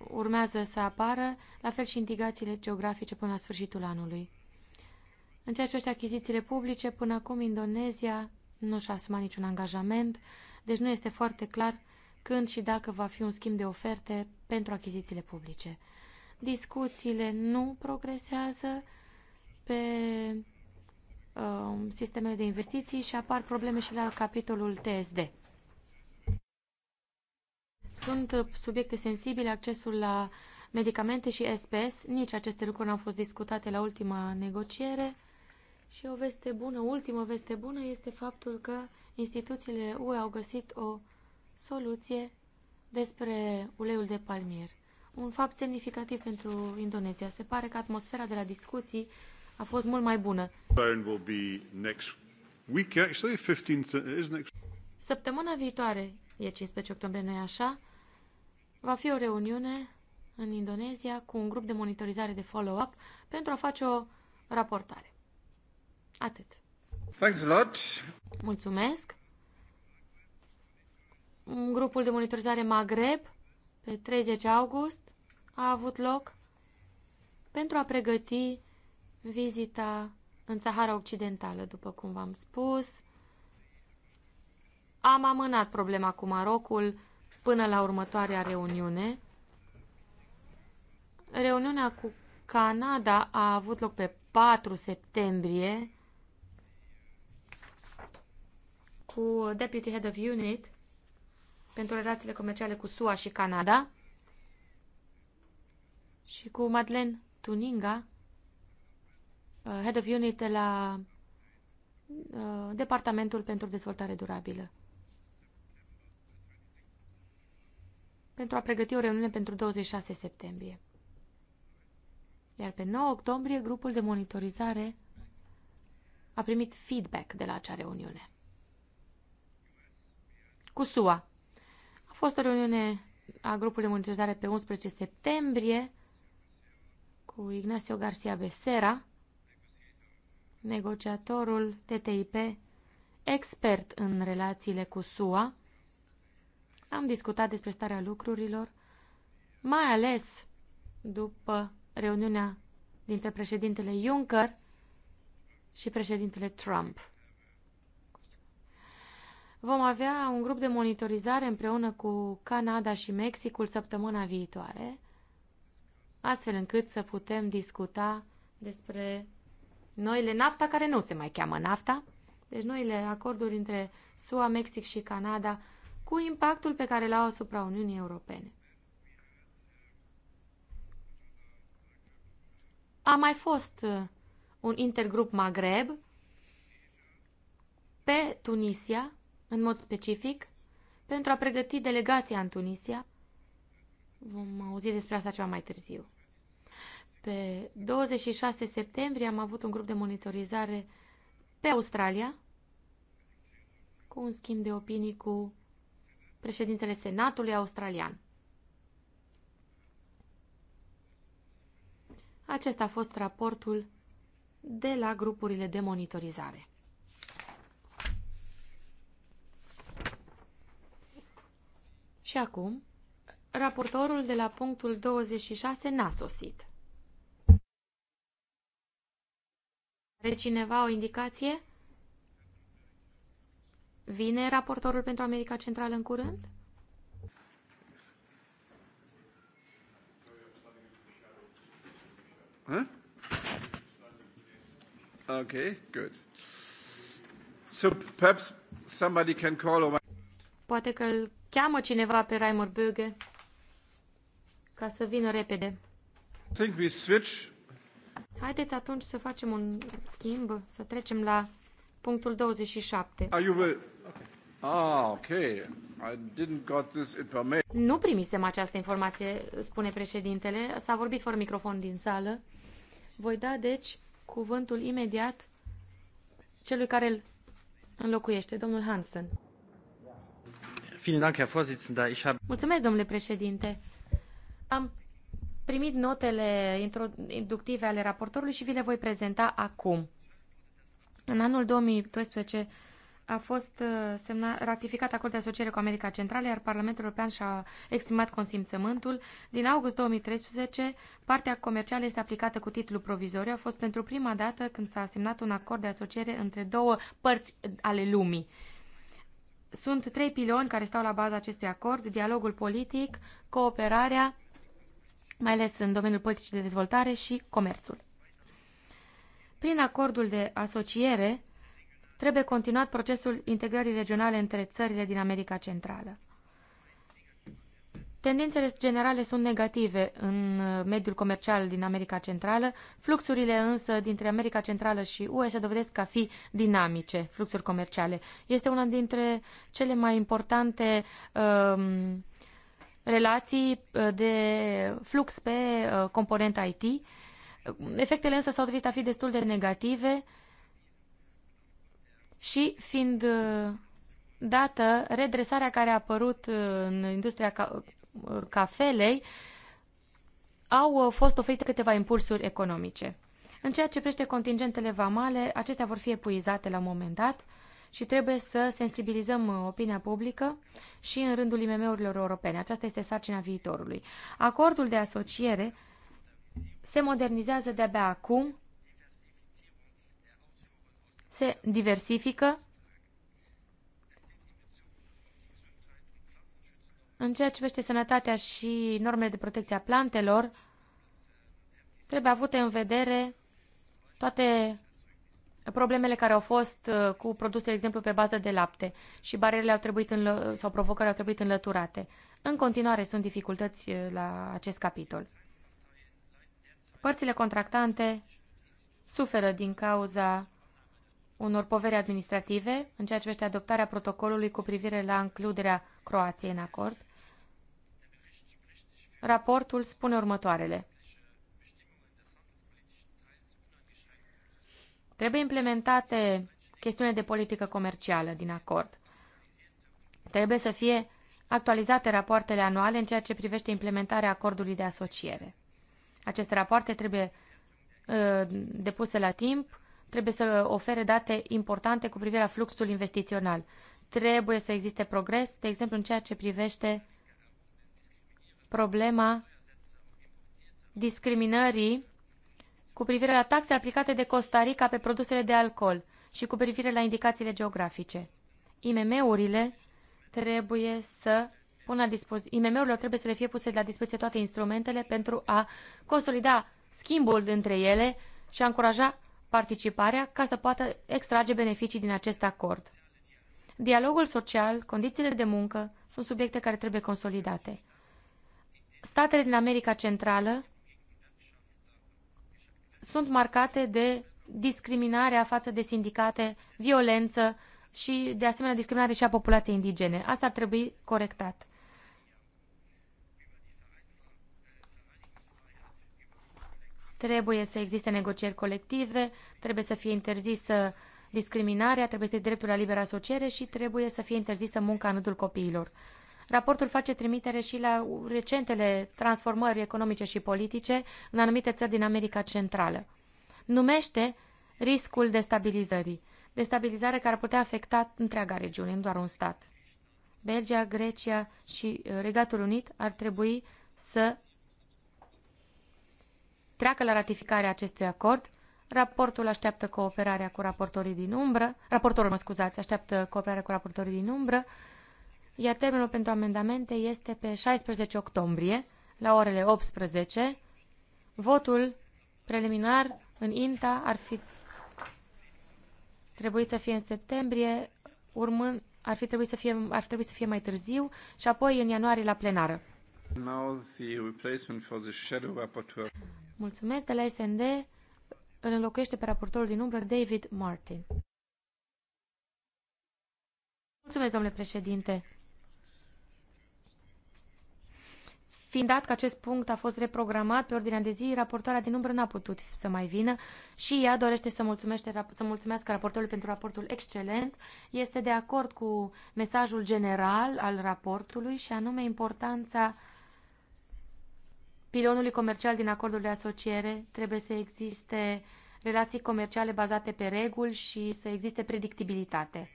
urmează să apară, la fel și indicațiile geografice până la sfârșitul anului. În ceea ce privește achizițiile publice, până acum Indonezia nu și-a asumat niciun angajament, deci nu este foarte clar când și dacă va fi un schimb de oferte pentru achizițiile publice. Discuțiile nu progresează pe uh, sistemele de investiții și apar probleme și la capitolul TSD. Sunt uh, subiecte sensibile, accesul la medicamente și SPS. Nici aceste lucruri nu au fost discutate la ultima negociere. Și o veste bună, ultima veste bună, este faptul că instituțiile UE au găsit o soluție despre uleiul de palmier. Un fapt semnificativ pentru Indonezia. Se pare că atmosfera de la discuții a fost mult mai bună. Săptămâna viitoare, e 15 octombrie, nu așa? va fi o reuniune în Indonezia cu un grup de monitorizare de follow-up pentru a face o raportare. Atât. Thanks a lot. Mulțumesc. Grupul de monitorizare Maghreb pe 30 august a avut loc pentru a pregăti vizita în Sahara Occidentală, după cum v-am spus. Am amânat problema cu Marocul până la următoarea reuniune. Reuniunea cu Canada a avut loc pe 4 septembrie cu Deputy Head of Unit pentru relațiile comerciale cu SUA și Canada și cu Madeleine Tuninga, uh, Head of Unit de la uh, Departamentul pentru Dezvoltare Durabilă. pentru a pregăti o reuniune pentru 26 septembrie. Iar pe 9 octombrie, grupul de monitorizare a primit feedback de la acea reuniune. Cu SUA. A fost o reuniune a grupului de monitorizare pe 11 septembrie cu Ignacio Garcia Becerra, negociatorul TTIP, expert în relațiile cu SUA, am discutat despre starea lucrurilor, mai ales după reuniunea dintre președintele Juncker și președintele Trump. Vom avea un grup de monitorizare împreună cu Canada și Mexicul săptămâna viitoare, astfel încât să putem discuta despre noile NAFTA, care nu se mai cheamă NAFTA, deci noile acorduri între SUA, Mexic și Canada cu impactul pe care l-au asupra Uniunii Europene. A mai fost uh, un intergrup Maghreb pe Tunisia, în mod specific, pentru a pregăti delegația în Tunisia. Vom auzi despre asta ceva mai târziu. Pe 26 septembrie am avut un grup de monitorizare pe Australia, cu un schimb de opinii cu președintele Senatului Australian. Acesta a fost raportul de la grupurile de monitorizare. Și acum, raportorul de la punctul 26 n-a sosit. Are cineva o indicație? Vine raportorul pentru America Centrală în curând? Huh? Okay, good. So perhaps somebody can call over. Poate că îl cheamă cineva pe Raimur Böge ca să vină repede. think we switch. Haideți atunci să facem un schimb, să trecem la punctul 27. Ah, nu primisem această informație, spune președintele. S-a vorbit fără microfon din sală. Voi da, deci, cuvântul imediat celui care îl înlocuiește, domnul Hansen. Mulțumesc, domnule președinte. Am primit notele introductive ale raportorului și vi le voi prezenta acum. În anul 2012 a fost uh, semnat, ratificat acordul de asociere cu America Centrală, iar Parlamentul European și-a exprimat consimțământul. Din august 2013, partea comercială este aplicată cu titlu provizoriu. A fost pentru prima dată când s-a semnat un acord de asociere între două părți ale lumii. Sunt trei piloni care stau la baza acestui acord, dialogul politic, cooperarea, mai ales în domeniul politicii de dezvoltare și comerțul. Prin acordul de asociere, trebuie continuat procesul integrării regionale între țările din America Centrală. Tendințele generale sunt negative în mediul comercial din America Centrală, fluxurile însă dintre America Centrală și UE se dovedesc a fi dinamice, fluxuri comerciale. Este una dintre cele mai importante um, relații uh, de flux pe uh, componenta IT Efectele însă s-au dovedit a fi destul de negative și fiind uh, dată redresarea care a apărut uh, în industria ca uh, cafelei, au fost oferite câteva impulsuri economice. În ceea ce privește contingentele vamale, acestea vor fi epuizate la un moment dat și trebuie să sensibilizăm opinia publică și în rândul IMM-urilor europene. Aceasta este sarcina viitorului. Acordul de asociere se modernizează de-abia acum, se diversifică În ceea ce privește sănătatea și normele de protecție a plantelor, trebuie avute în vedere toate problemele care au fost uh, cu produse, de exemplu, pe bază de lapte și barierele au trebuit înlă- sau provocările au trebuit înlăturate. În continuare sunt dificultăți uh, la acest capitol. Părțile contractante suferă din cauza unor poveri administrative în ceea ce privește adoptarea protocolului cu privire la includerea Croației în acord. Raportul spune următoarele. Trebuie implementate chestiune de politică comercială din acord. Trebuie să fie actualizate rapoartele anuale în ceea ce privește implementarea acordului de asociere. Aceste rapoarte trebuie uh, depuse la timp, trebuie să ofere date importante cu privire la fluxul investițional. Trebuie să existe progres, de exemplu, în ceea ce privește problema discriminării cu privire la taxe aplicate de Costa Rica pe produsele de alcool și cu privire la indicațiile geografice. IMM-urile trebuie să pun la dispoziție, IMM-urilor trebuie să le fie puse la dispoziție toate instrumentele pentru a consolida schimbul dintre ele și a încuraja participarea ca să poată extrage beneficii din acest acord. Dialogul social, condițiile de muncă sunt subiecte care trebuie consolidate. Statele din America Centrală sunt marcate de discriminarea față de sindicate, violență și, de asemenea, discriminare și a populației indigene. Asta ar trebui corectat. Trebuie să existe negocieri colective, trebuie să fie interzisă discriminarea, trebuie să fie dreptul la liberă asociere și trebuie să fie interzisă munca în rândul copiilor. Raportul face trimitere și la recentele transformări economice și politice în anumite țări din America Centrală. Numește riscul destabilizării, destabilizare care ar putea afecta întreaga regiune, nu doar un stat. Belgia, Grecia și uh, Regatul Unit ar trebui să treacă la ratificarea acestui acord. Raportul așteaptă cooperarea cu raportorii din umbră, raportorul, mă scuzați, așteaptă cooperarea cu raportorii din umbră, iar termenul pentru amendamente este pe 16 octombrie, la orele 18. Votul preliminar în INTA ar fi trebuit să fie în septembrie, urmând, ar fi trebuit să fie, ar fi trebuit să fie mai târziu și apoi în ianuarie la plenară. Mulțumesc de la SND. Îl înlocuiește pe raportorul din umbră David Martin. Mulțumesc, domnule președinte. Fiind dat că acest punct a fost reprogramat pe ordinea de zi, raportoarea din umbră n-a putut să mai vină și ea dorește să, mulțumește, să mulțumească raportorului pentru raportul excelent. Este de acord cu mesajul general al raportului și anume importanța uh, pilonului comercial din acordul de asociere trebuie să existe relații comerciale bazate pe reguli și să existe predictibilitate.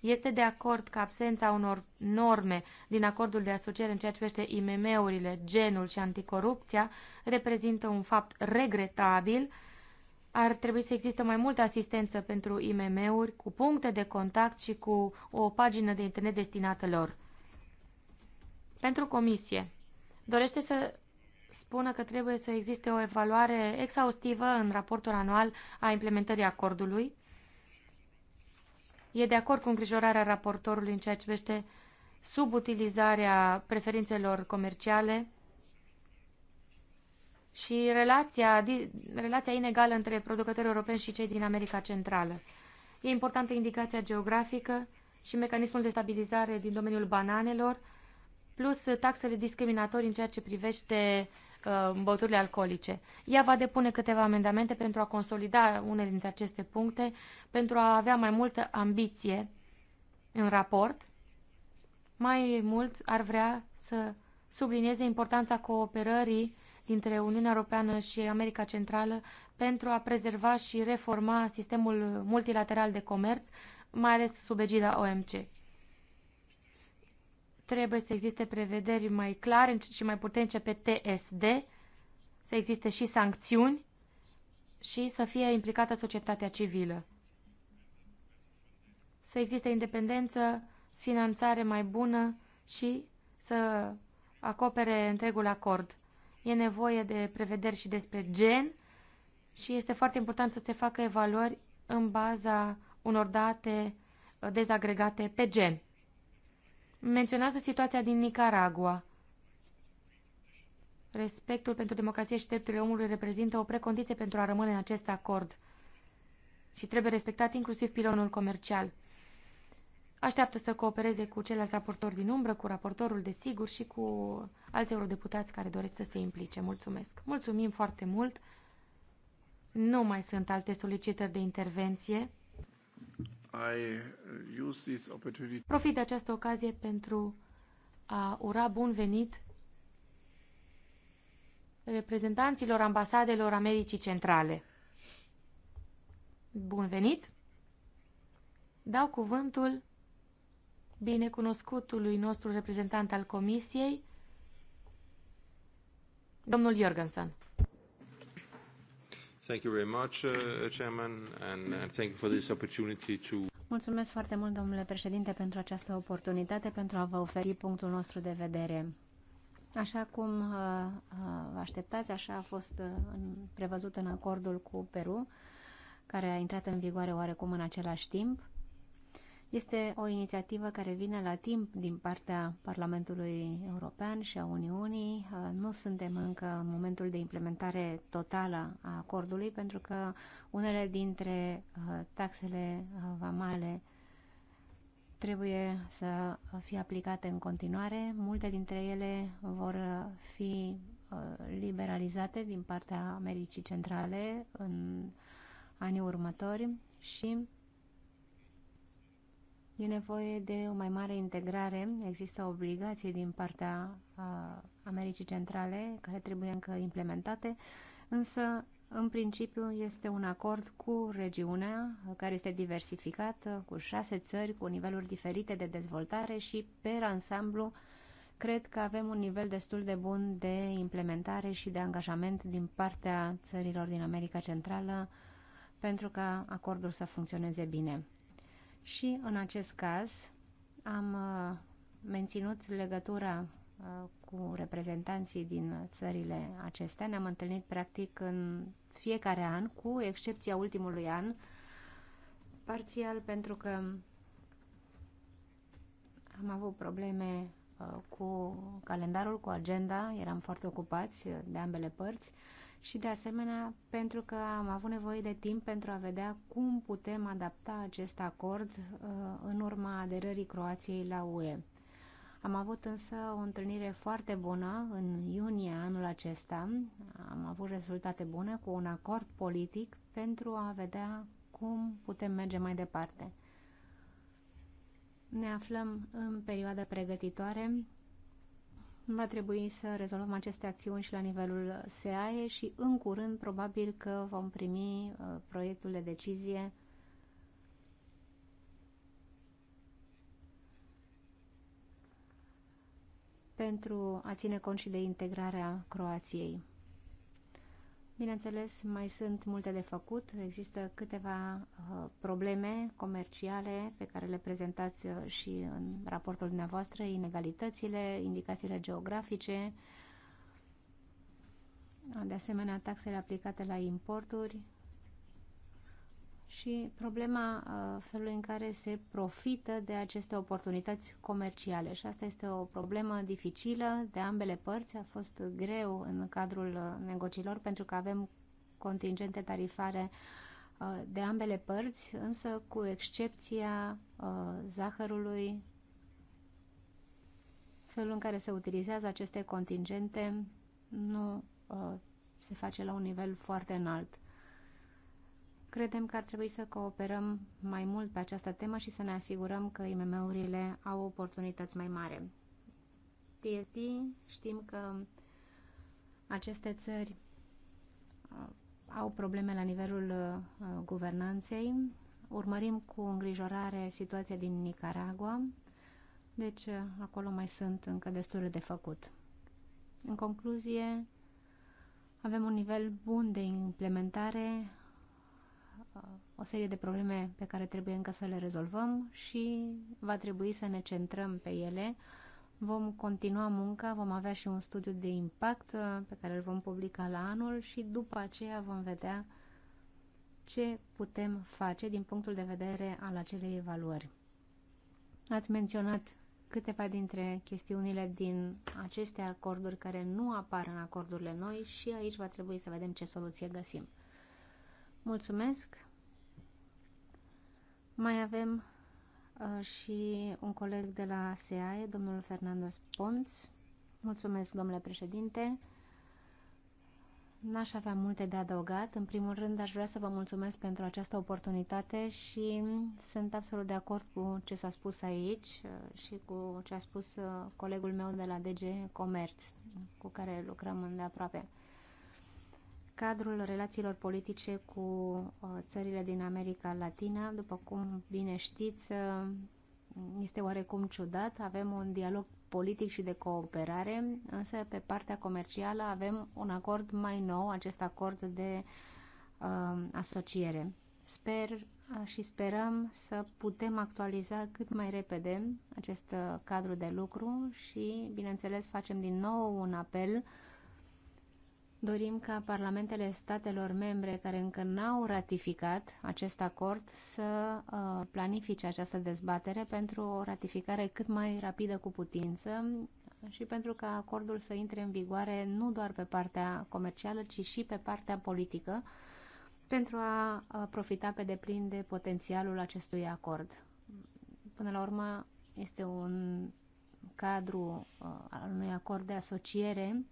Este de acord că absența unor norme din acordul de asociere în ceea ce privește IMM-urile, genul și anticorupția reprezintă un fapt regretabil. Ar trebui să existe mai multă asistență pentru IMM-uri cu puncte de contact și cu o pagină de internet destinată lor. Pentru comisie, dorește să spună că trebuie să existe o evaluare exhaustivă în raportul anual a implementării acordului. E de acord cu îngrijorarea raportorului în ceea ce vește subutilizarea preferințelor comerciale și relația, relația inegală între producătorii europeni și cei din America Centrală. E importantă indicația geografică și mecanismul de stabilizare din domeniul bananelor, plus taxele discriminatorii în ceea ce privește uh, băuturile alcoolice. Ea va depune câteva amendamente pentru a consolida unele dintre aceste puncte, pentru a avea mai multă ambiție în raport. Mai mult ar vrea să sublinieze importanța cooperării dintre Uniunea Europeană și America Centrală pentru a prezerva și reforma sistemul multilateral de comerț, mai ales sub egida OMC trebuie să existe prevederi mai clare și mai puternice pe TSD, să existe și sancțiuni și să fie implicată societatea civilă. Să existe independență, finanțare mai bună și să acopere întregul acord. E nevoie de prevederi și despre gen și este foarte important să se facă evaluări în baza unor date dezagregate pe gen menționează situația din Nicaragua. Respectul pentru democrație și drepturile omului reprezintă o precondiție pentru a rămâne în acest acord și trebuie respectat inclusiv pilonul comercial. Așteaptă să coopereze cu ceilalți raportori din umbră, cu raportorul, de sigur și cu alți eurodeputați care doresc să se implice. Mulțumesc! Mulțumim foarte mult! Nu mai sunt alte solicitări de intervenție. Uh, Profit de această ocazie pentru a ura bun venit reprezentanților ambasadelor Americii Centrale. Bun venit! Dau cuvântul binecunoscutului nostru reprezentant al Comisiei, domnul Jorgensen. Thank you very much, uh, Chairman, and, and uh, thank you for this opportunity to... Mulțumesc foarte mult, domnule președinte, pentru această oportunitate, pentru a vă oferi punctul nostru de vedere. Așa cum uh, uh vă așteptați, așa a fost uh, prevăzut în acordul cu Peru, care a intrat în vigoare oarecum în același timp. Este o inițiativă care vine la timp din partea Parlamentului European și a Uniunii. Uh, nu suntem încă în momentul de implementare totală a acordului, pentru că unele dintre uh, taxele uh, vamale trebuie să fie aplicate în continuare. Multe dintre ele vor fi liberalizate din partea Americii Centrale în anii următori și E nevoie de o mai mare integrare. Există obligații din partea Americii Centrale care trebuie încă implementate, însă în principiu este un acord cu regiunea care este diversificată, cu șase țări, cu niveluri diferite de dezvoltare și pe ansamblu cred că avem un nivel destul de bun de implementare și de angajament din partea țărilor din America Centrală pentru ca acordul să funcționeze bine și în acest caz am uh, menținut legătura uh, cu reprezentanții din țările acestea. Ne-am întâlnit practic în fiecare an, cu excepția ultimului an, parțial pentru că am avut probleme uh, cu calendarul, cu agenda, eram foarte ocupați de ambele părți și de asemenea pentru că am avut nevoie de timp pentru a vedea cum putem adapta acest acord uh, în urma aderării Croației la UE. Am avut însă o întâlnire foarte bună în iunie anul acesta. Am avut rezultate bune cu un acord politic pentru a vedea cum putem merge mai departe. Ne aflăm în perioada pregătitoare va trebui să rezolvăm aceste acțiuni și la nivelul SEAE și în curând probabil că vom primi uh, proiectul de decizie pentru a ține cont și de integrarea Croației. Bineînțeles, mai sunt multe de făcut. Există câteva uh, probleme comerciale pe care le prezentați uh, și în raportul dumneavoastră, inegalitățile, indicațiile geografice, de asemenea taxele aplicate la importuri și problema uh, felului în care se profită de aceste oportunități comerciale. Și asta este o problemă dificilă de ambele părți. A fost greu în cadrul uh, negocilor pentru că avem contingente tarifare uh, de ambele părți, însă cu excepția zahărului, felul în care se utilizează aceste contingente nu se face la un nivel foarte înalt. Credem că ar trebui să cooperăm mai mult pe această temă și să ne asigurăm că IMM-urile au oportunități mai mari. TSD știm că aceste țări uh, au probleme la nivelul uh, guvernanței. Urmărim cu îngrijorare situația din Nicaragua, deci uh, acolo mai sunt încă destule de făcut. În concluzie, avem un nivel bun de implementare Uh, o serie de probleme pe care trebuie încă să le rezolvăm și va trebui să ne centrăm pe ele. Vom continua munca, vom avea și un studiu de impact uh, pe care îl vom publica la anul și după aceea vom vedea ce putem face din punctul de vedere al acelei evaluări. Ați menționat câteva dintre chestiunile din aceste acorduri care nu apar în acordurile noi și aici va trebui să vedem ce soluție găsim. Mulțumesc. Mai avem uh, și un coleg de la SEAE, domnul Fernando Spons. Mulțumesc, domnule președinte. N-aș avea multe de adăugat. În primul rând, aș vrea să vă mulțumesc pentru această oportunitate și sunt absolut de acord cu ce s-a spus aici uh, și cu ce a spus uh, colegul meu de la DG Comerț, cu care lucrăm îndeaproape. aproape cadrul relațiilor politice cu uh, țările din America Latina. După cum bine știți, uh, este oarecum ciudat. Avem un dialog politic și de cooperare, însă pe partea comercială avem un acord mai nou, acest acord de uh, asociere. Sper uh, și sperăm să putem actualiza cât mai repede acest cadru de lucru și, bineînțeles, facem din nou un apel uh, dorim ca parlamentele statelor membre care încă n-au ratificat acest acord să uh, planifice această dezbatere pentru o ratificare cât mai rapidă cu putință și pentru ca acordul să intre în vigoare nu doar pe partea comercială, ci și pe partea politică, pentru a uh, profita pe deplin de potențialul acestui acord. Până la urmă, este un cadru uh, al unui acord de asociere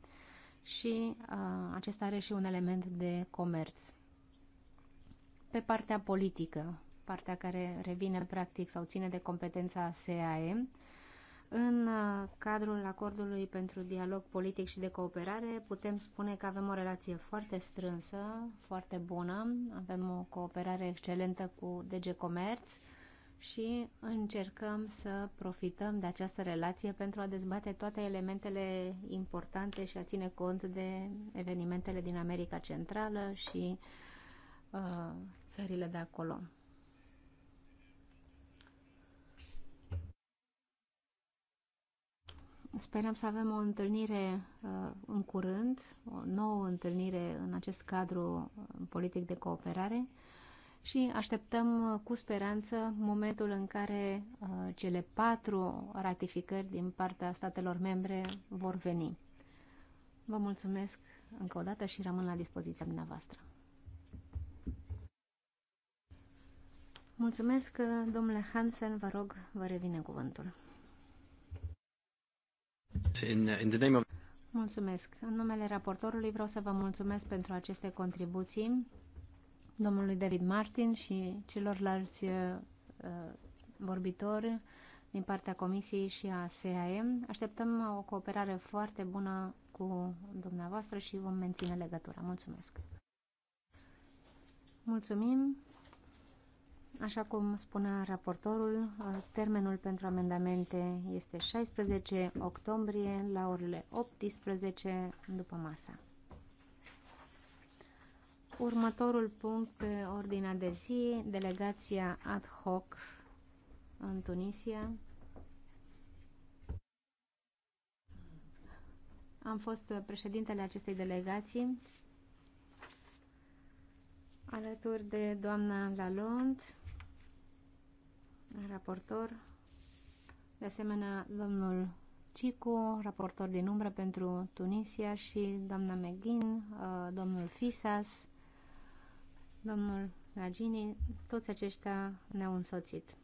și uh, acesta are și un element de comerț. Pe partea politică, partea care revine practic sau ține de competența SAE, în uh, cadrul acordului pentru dialog politic și de cooperare putem spune că avem o relație foarte strânsă, foarte bună, avem o cooperare excelentă cu DG Comerț, și încercăm să profităm de această relație pentru a dezbate toate elementele importante și a ține cont de evenimentele din America Centrală și uh, țările de acolo. Sperăm să avem o întâlnire uh, în curând, o nouă întâlnire în acest cadru uh, politic de cooperare și așteptăm cu speranță momentul în care uh, cele patru ratificări din partea statelor membre vor veni. Vă mulțumesc încă o dată și rămân la dispoziția dumneavoastră. Mulțumesc, domnule Hansen, vă rog, vă revine cuvântul. In, uh, in the name of... Mulțumesc. În numele raportorului vreau să vă mulțumesc pentru aceste contribuții domnului David Martin și celorlalți uh, uh, vorbitori din partea Comisiei și a SAM. Așteptăm o cooperare foarte bună cu dumneavoastră și vom menține legătura. Mulțumesc! Mulțumim! Așa cum spunea raportorul, uh, termenul pentru amendamente este 16 octombrie la orele 18 după masa. Următorul punct pe ordinea de zi, delegația ad hoc în Tunisia. Am fost președintele acestei delegații alături de doamna Lalonde, raportor, de asemenea domnul Cicu, raportor din umbră pentru Tunisia și doamna Meghin, uh, domnul Fisas, domnul Nagini, toți aceștia ne-au însoțit.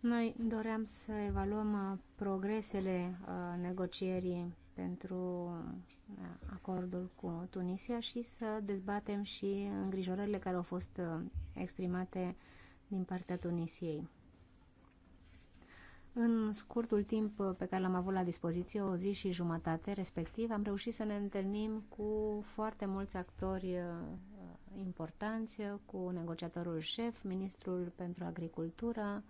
Noi doream să evaluăm uh, progresele uh, negocierii pentru uh, acordul cu Tunisia și să dezbatem și îngrijorările care au fost exprimate din partea Tunisiei. În scurtul timp pe care l-am avut la dispoziție, o zi și jumătate respectiv, am reușit să ne întâlnim cu foarte mulți actori uh, importanți, cu negociatorul șef, ministrul pentru agricultură,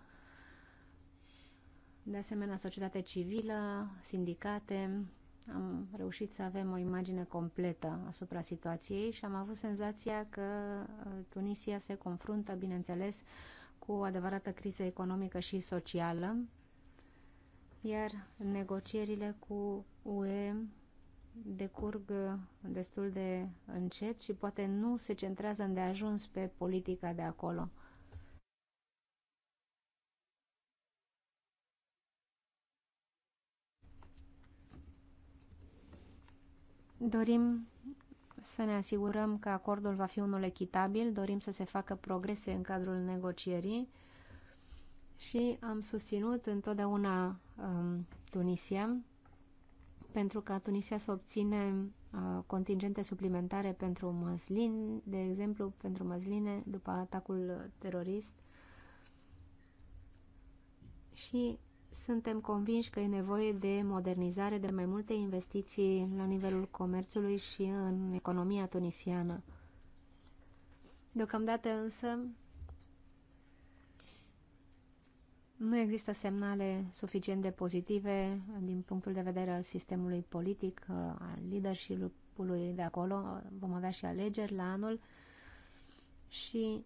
de asemenea societate civilă, sindicate. Am reușit să avem o imagine completă asupra situației și am avut senzația că uh, Tunisia se confruntă, bineînțeles, cu o adevărată criză economică și socială, iar negocierile cu UE decurg destul de încet și poate nu se centrează îndeajuns pe politica de acolo. Dorim să ne asigurăm că acordul va fi unul echitabil, dorim să se facă progrese în cadrul negocierii și am susținut întotdeauna Um, Tunisia pentru ca Tunisia să obține uh, contingente suplimentare pentru măslin, de exemplu pentru măsline după atacul terorist și suntem convinși că e nevoie de modernizare, de mai multe investiții la nivelul comerțului și în economia tunisiană. Deocamdată însă Nu există semnale suficient de pozitive din punctul de vedere al sistemului politic, uh, al leadership-ului de acolo. Vom avea și alegeri la anul și,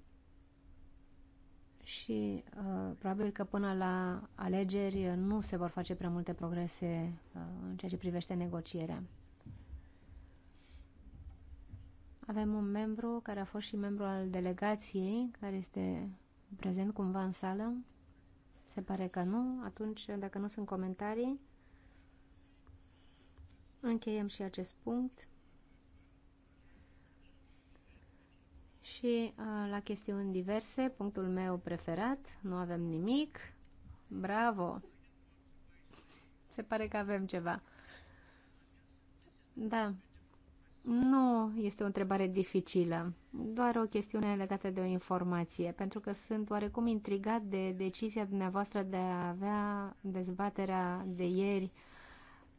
și uh, probabil că până la alegeri nu se vor face prea multe progrese uh, în ceea ce privește negocierea. Avem un membru care a fost și membru al delegației, care este prezent cumva în sală. Se pare că nu. Atunci, dacă nu sunt comentarii, încheiem și acest punct. Și la chestiuni diverse, punctul meu preferat, nu avem nimic. Bravo! Se pare că avem ceva. Da, nu este o întrebare dificilă, doar o chestiune legată de o informație, pentru că sunt oarecum intrigat de decizia dumneavoastră de a avea dezbaterea de ieri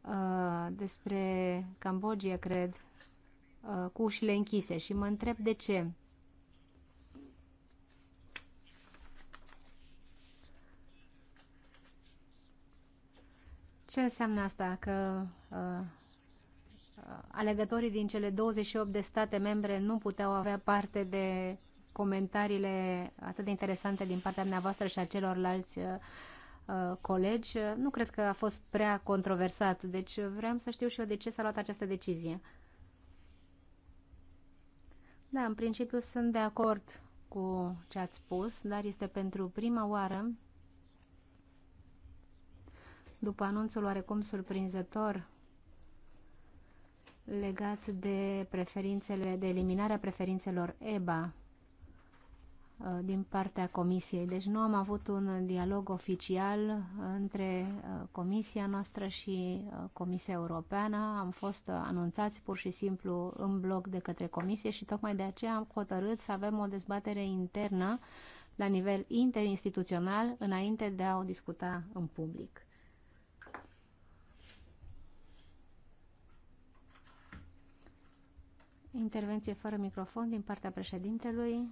uh, despre Cambodgia, cred, uh, cu ușile închise și mă întreb de ce. Ce înseamnă asta? Că uh, alegătorii din cele 28 de state membre nu puteau avea parte de comentariile atât de interesante din partea dumneavoastră și a celorlalți uh, uh, colegi, nu cred că a fost prea controversat. Deci vreau să știu și eu de ce s-a luat această decizie. Da, în principiu sunt de acord cu ce ați spus, dar este pentru prima oară, după anunțul oarecum surprinzător legat de preferințele, de eliminarea preferințelor EBA uh, din partea comisiei. Deci nu am avut un dialog oficial între uh, comisia noastră și uh, Comisia Europeană. Am fost anunțați pur și simplu în bloc de către comisie și tocmai de aceea am hotărât să avem o dezbatere internă la nivel interinstituțional înainte de a o discuta în public. Intervenție fără microfon din partea președintelui.